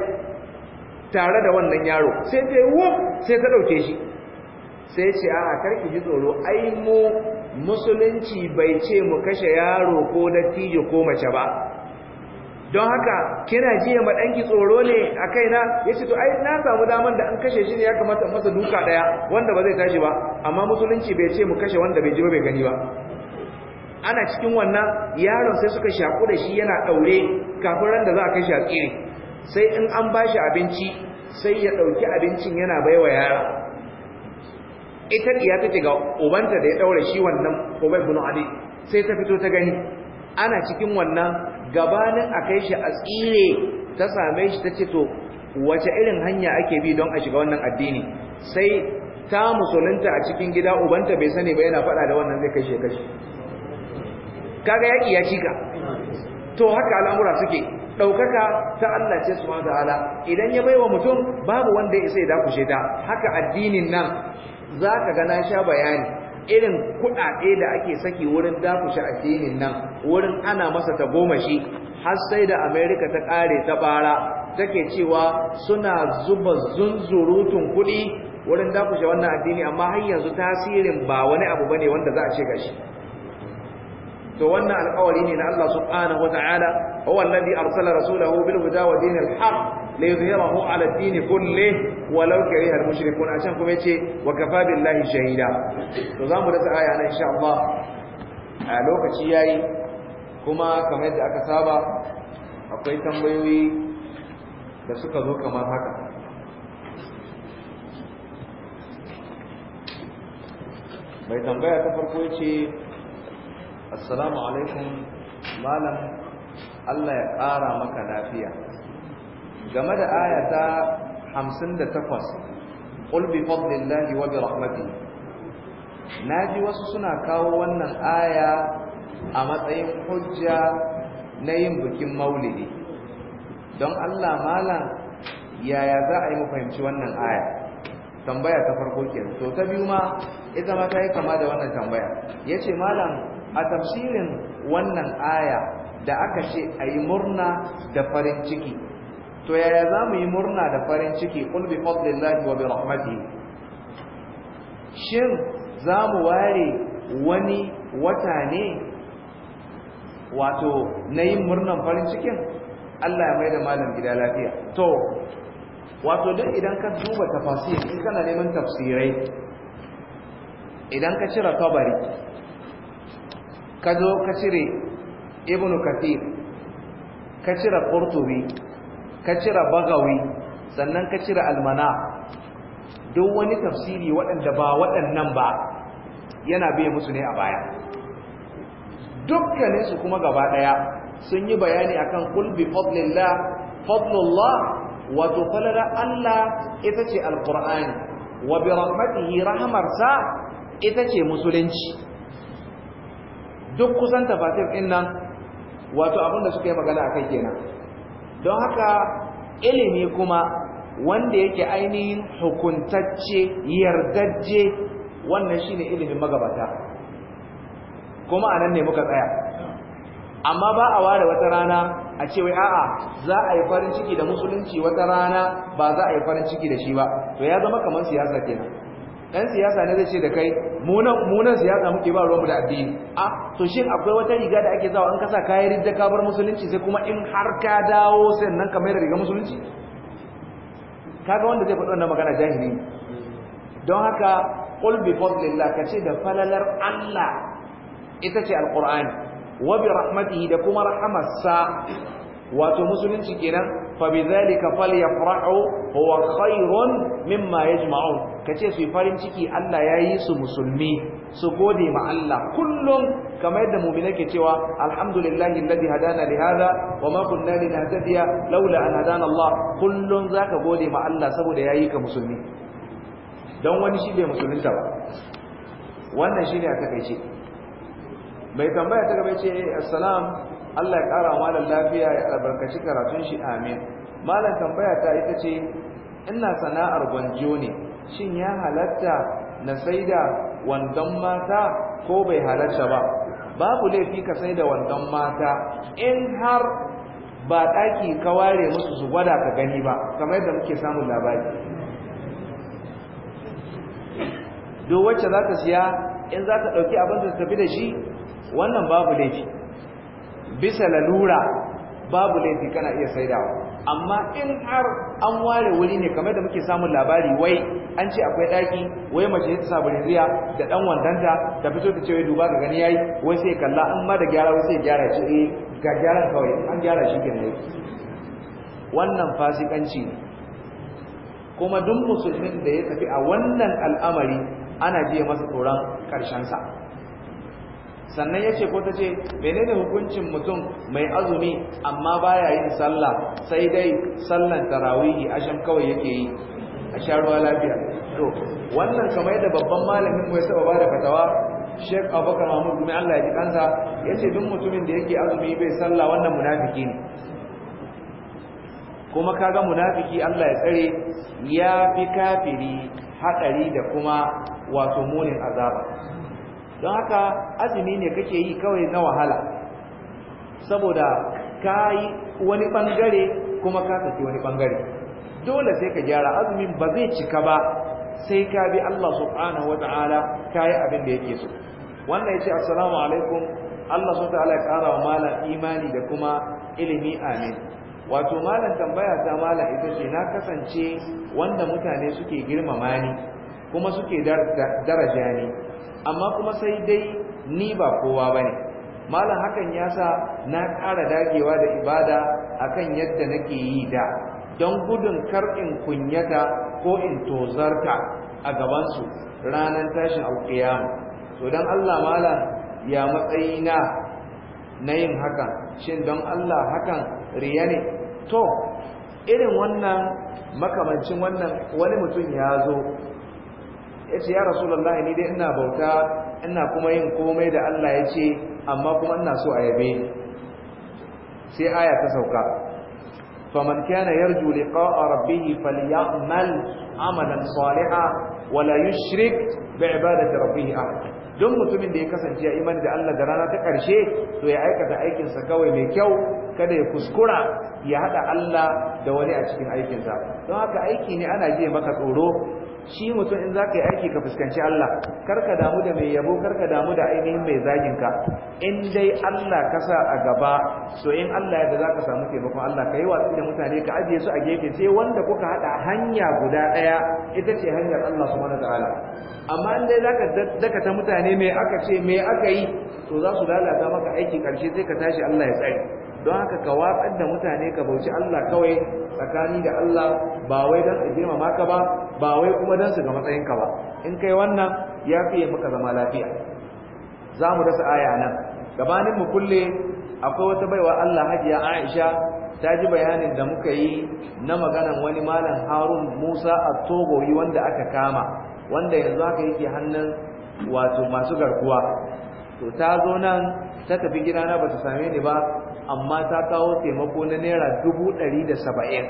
tare da wannan yaro sai ta yi wuf sai ta ɗauke shi sai ce a karki ji tsoro ai mu musulunci bai ce mu kashe yaro ko dattijo ko mace ba don haka kina jiya ma danki tsoro ne a kaina yace to ai na samu daman da an kashe shi ne ya kamata masa duka daya wanda ba zai tashi ba amma musulunci bai ce mu kashe wanda bai ji ba bai gani ba ana cikin wannan yaron sai suka shaku da shi yana daure kafin ran da za a kashe a tsire sai in an bashi abinci sai ya dauki abincin yana baiwa yara ita diya take ga ubanta da ya daure shi wannan Ubay ibn Ali sai ta fito ta gani ana cikin wannan gabanin akai shi a tsire ta same shi ta ce to wace irin hanya ake bi don a shiga wannan addini sai ta musulunta a cikin gida ubanta bai sani ba yana faɗa da wannan zai kashe kashe kaga yaki ya cika to haka al'amura suke ɗaukaka ta Allah ce subhanahu ta'ala idan ya bai wa mutum babu wanda ya isa ya dakushe ta haka addinin nan za ka ga na sha bayani irin kuɗaɗe da ake saki wurin dakushe addinin nan wurin ana masa ta goma shi, har sai da america ta ƙare ta bara take cewa suna zuba zunzurutun kuɗi wurin dakushe wannan addini amma har yanzu tasirin ba wani abu bane wanda za a ce gashi to wannan alƙawari ne na Allah subhanahu wa ta'ala huwa alladhi arsala rasulahu bil huda wa dinil haqq liyuzhirahu ala ad-din kulli walau kariha al-mushrikun shan kuma yace wa kafa billahi shahida to zamu da aya ne insha Allah a lokaci yayi kuma kamar yadda aka saba akwai tambayoyi da suka zo kamar haka mai tambaya ta farko yace assalamu alaikum malam Allah ya ƙara maka lafiya game da ayata 58 qul bi fadlillahi wa bi na naji wasu suna kawo wannan aya a matsayin hujja na yin bikin maulidi don Allah malam yaya za a yi mu fahimci wannan aya tambaya ta farko ke, to ta biyu ma ita ma ta yi kama da wannan tambaya yace malam a tafsirin wannan aya da aka ce a yi murna da farin ciki to yaya za mu yi murna da farin ciki qul bi fadlillahi wa bi rahmatihi shin za mu ware wani wata ne wato na yin murnan farin cikin Allah ya mai da malam gida lafiya to wato duk idan ka duba tafasir in kana neman tafsirai idan ka cire tabari ka zo ka cire ibnu kathir ka cire qurtubi ka cire bagawi sannan ka cire almana duk wani tafsiri waɗanda ba waɗannan ba yana biye musu ne a baya dukkaninsu kuma gaba ɗaya sun yi bayani akan kul bi fadlillah fadlullah wato falala Allah ita ce alqur'ani wa bi rahmatihi rahmarsa ita ce musulunci duk kusan tafasir ɗin nan wato abinda suka yi magana akai kenan don haka ilimi kuma wanda yake ainihin hukuntacce yardajje wannan shine ilimin magabata kuma anan ne muka tsaya amma ba a ware wata rana a ce wai a'a za a yi farin ciki da musulunci wata rana ba za a yi farin ciki da shi ba to ya zama kamar siyasa kenan dan siyasa ne zai ce da kai munan siyasa muke ba ruwanmu da addini a ah, to shin akwai wata riga da ake zawa an kasa kayan ridda kabar musulunci sai kuma in har ka dawo sannan ka da riga musulunci kaga wanda zai faɗi wannan magana jahili don haka qul bi fadlillah kace da falalar Allah ita ce alqur'ani wa bi rahmatihi da kuma rahamarsa wato musulunci kenan fa bi zalika falyafrahu huwa khairun mimma yajma'un ka ce su yi farin ciki Allah ya yi su musulmi su gode ma Allah kullum kamar yadda mu'mina ke cewa alhamdulillahi alladhi hadana li hadha wa ma kunna linahtadiya laula an hadana Allah kullum zaka gode ma Allah saboda ya yi ka musulmi don wani shi bai musulunta ba wannan shine a takaice Mai tambaya ta gaba ce assalam Allah ya kara malam lafiya ya albarkaci karatun shi amin malam tambaya ta ita ce ina sana'ar gwanjo ne shin ya halatta na saida wandon mata ko bai halatta ba babu laifi ka saida wandon mata in har ba ɗaki ka ware musu su gwada ka gani ba kamar yadda muke samun labari dowacce wacce za ka siya in za ka ɗauki abin da tafi da shi wannan babu laifi bisa lalura babu laifi kana iya saidawa amma in har an ware wuri ne kamar da muke samun labari wai an ce akwai daki wai mace ta sa riya da dan wandan ta fito ta ce wai duba ga gani yayi wai sai kalla an ma da gyara wai sai gyara shi eh ga gyaran kawai an gyara shi kenan wannan fasikanci kuma duk musulmin da ya tafi a wannan al'amari ana biya masa tsoron karshen sa sannan ya ce ko ta ce menene hukuncin mutum mai azumi amma baya yin sallah sai dai sallan tarawihi asham kawai yake yi a sha lafiya to wannan kamar yadda babban malamin mu ya saba bada fatawa Sheikh Abubakar Mahmud mai Allah ya ji kansa yace duk mutumin da yake azumi bai sallah wannan munafiki ne kuma kaga munafiki Allah ya tsare ya fi kafiri haɗari da kuma wato munin azaba don haka azumi ne kake yi kawai na wahala saboda ka yi wani bangare kuma ka tafi wani bangare dole sai ka gyara azumin ba zai cika ba sai ka bi Allah subhanahu ta'ala ka yi abin da yake so wannan ya ce assalamu alaikum Allah subhanahu ta'ala ya kara wa malam imani da kuma ilimi amin wato malam tambaya ta malam ita ce na kasance wanda mutane suke girmama ni kuma suke daraja ni amma kuma sai dai ni ba kowa ba ne. malam hakan ya sa na ƙara dagewa da ibada a kan yadda nake yi da don gudun kar in kunyata ko in tozarta a gabansu ranar tashin alƙiyama to don Allah malam ya matsayina na yin hakan shin don Allah hakan riya ne to irin wannan makamancin wannan wani mutum ya zo ya ce ya rasulallah ni dai ina bauta ina kuma yin komai da Allah ya ce amma kuma ina so a yabe sai aya ta sauka faman kana yarju liqa'a rabbihi falyamal amalan salihan wala yushrik bi ibadati rabbih don mutumin da ya kasance ya imani da Allah da rana ta ƙarshe to ya aikata aikinsa kawai mai kyau kada ya kuskura ya haɗa Allah da wani a cikin aikinsa don haka aiki ne ana je maka tsoro shi mutum in za ka yi aiki ka fuskanci Allah karka damu da mai yabo karka damu da ainihin mai zagin ka in dai Allah ka sa a gaba to in Allah ya da ka samu taimakon Allah ka yi watsi da mutane ka ajiye su a gefe sai wanda kuka haɗa hanya guda ɗaya, ita ce hanyar Allah su mana ta'ala amma in dai zaka daka ta mutane me aka ce mai aka yi to za su lalata maka aiki karshe sai ka tashi Allah ya tsare don haka ka watsar da mutane ka bauci Allah kawai tsakani da Allah ba wai don su girma ka ba ba wai kuma don su ga matsayinka ba in kai wannan ya fiye muka zama lafiya za mu dasa aya nan gabanin mu kulle akwai wata baiwa Allah hajiya Aisha ta ji bayanin da muka yi na maganan wani malam Harun Musa a Togoyi wanda aka kama wanda yanzu haka yake hannun wato masu garkuwa to ta zo nan ta tafi gidana ba ta same ni ba amma ta kawo taimako na naira dubu ɗari da saba'in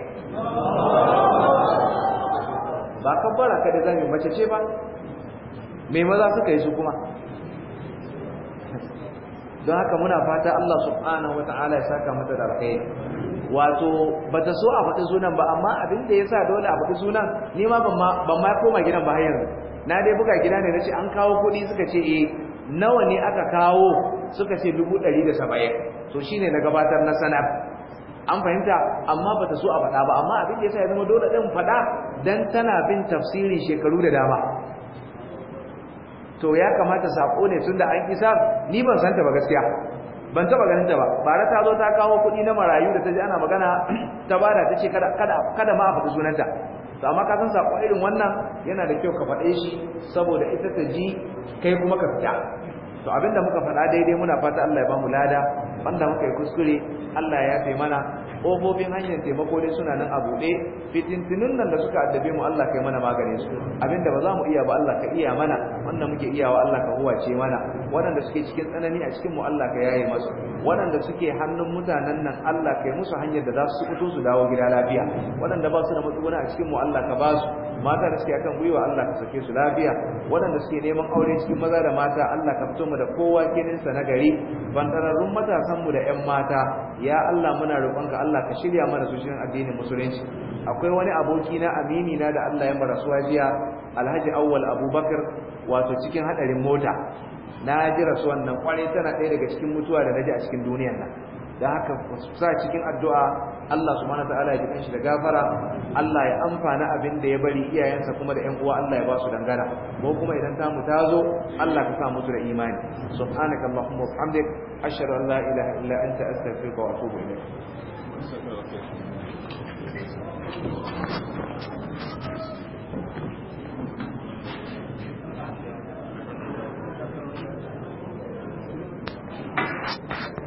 ba fara ka da zami mace ce ba mai maza suka yi su kuma don haka muna fata Allah subhanahu Ta'ala ya saka mata da alkhairi wato ba ta so a faɗi sunan ba amma abin da ya sa dole a faɗi sunan ni ma ban ma koma gidan ba yanzu na dai buga gida ne na ce an kawo kuɗi suka ce eh nawa ne aka kawo suka ce dubu ɗari da saba'in to shine na gabatar na sanar an fahimta amma bata so a faɗa ba amma abin da yasa ya zama dole ɗin faɗa dan tana bin tafsirin shekaru da dama to ya kamata sako ne tunda an isa ni ban santa ba gaskiya ban taba ganin ta ba bara ta zo ta kawo kuɗi na marayu da ta ji ana magana <clears throat> ta bada ta ce kada kada ma a faɗi sunanta to amma ka san sako irin wannan yana da kyau ka faɗe shi saboda ita ta ji kai kuma ka fita to abinda muka faɗa daidai muna fata Allah ya bamu lada wanda muka yi kuskure Allah ya yafe mana ƙofofin hanyar taimako dai suna nan a buɗe fitintinun nan da suka addabe mu Allah kai mana maganin su abinda ba za mu iya ba Allah ka iya mana wanda muke iyawa Allah ka ce mana waɗanda suke cikin tsanani a cikin mu Allah ka yaye masu waɗanda suke hannun mutanen nan Allah ka yi musu hanyar da za su fito su dawo gida lafiya waɗanda ba su da matsuguna a cikin mu Allah ka ba su mata da suke akan gwiwa Allah ka sake su lafiya waɗanda suke neman aure cikin maza da mata Allah ka fito mu da kowa kininsa na gari bantararrun matasan mu da 'yan mata ya Allah muna ka Allah ka shirya mana su cikin addinin musulunci akwai wani aboki na amini na da Allah ya mara suwajiya Alhaji Awwal Abubakar wato cikin hadarin mota na ji rasuwan wannan kwarai tana ɗaya daga cikin mutuwa da naji a cikin duniyar nan da haka sa cikin addu'a Allah subhanahu wataala ya jikin shi da gafara Allah ya amfana abin da ya bari iyayensa kuma da ƴan uwa Allah ya ba su dangana ko kuma idan ta mu tazo Allah ka sa mutu da imani subhanaka allahumma wa bihamdik ashhadu an la ilaha illa anta astaghfiruka wa atubu ilayk フフ。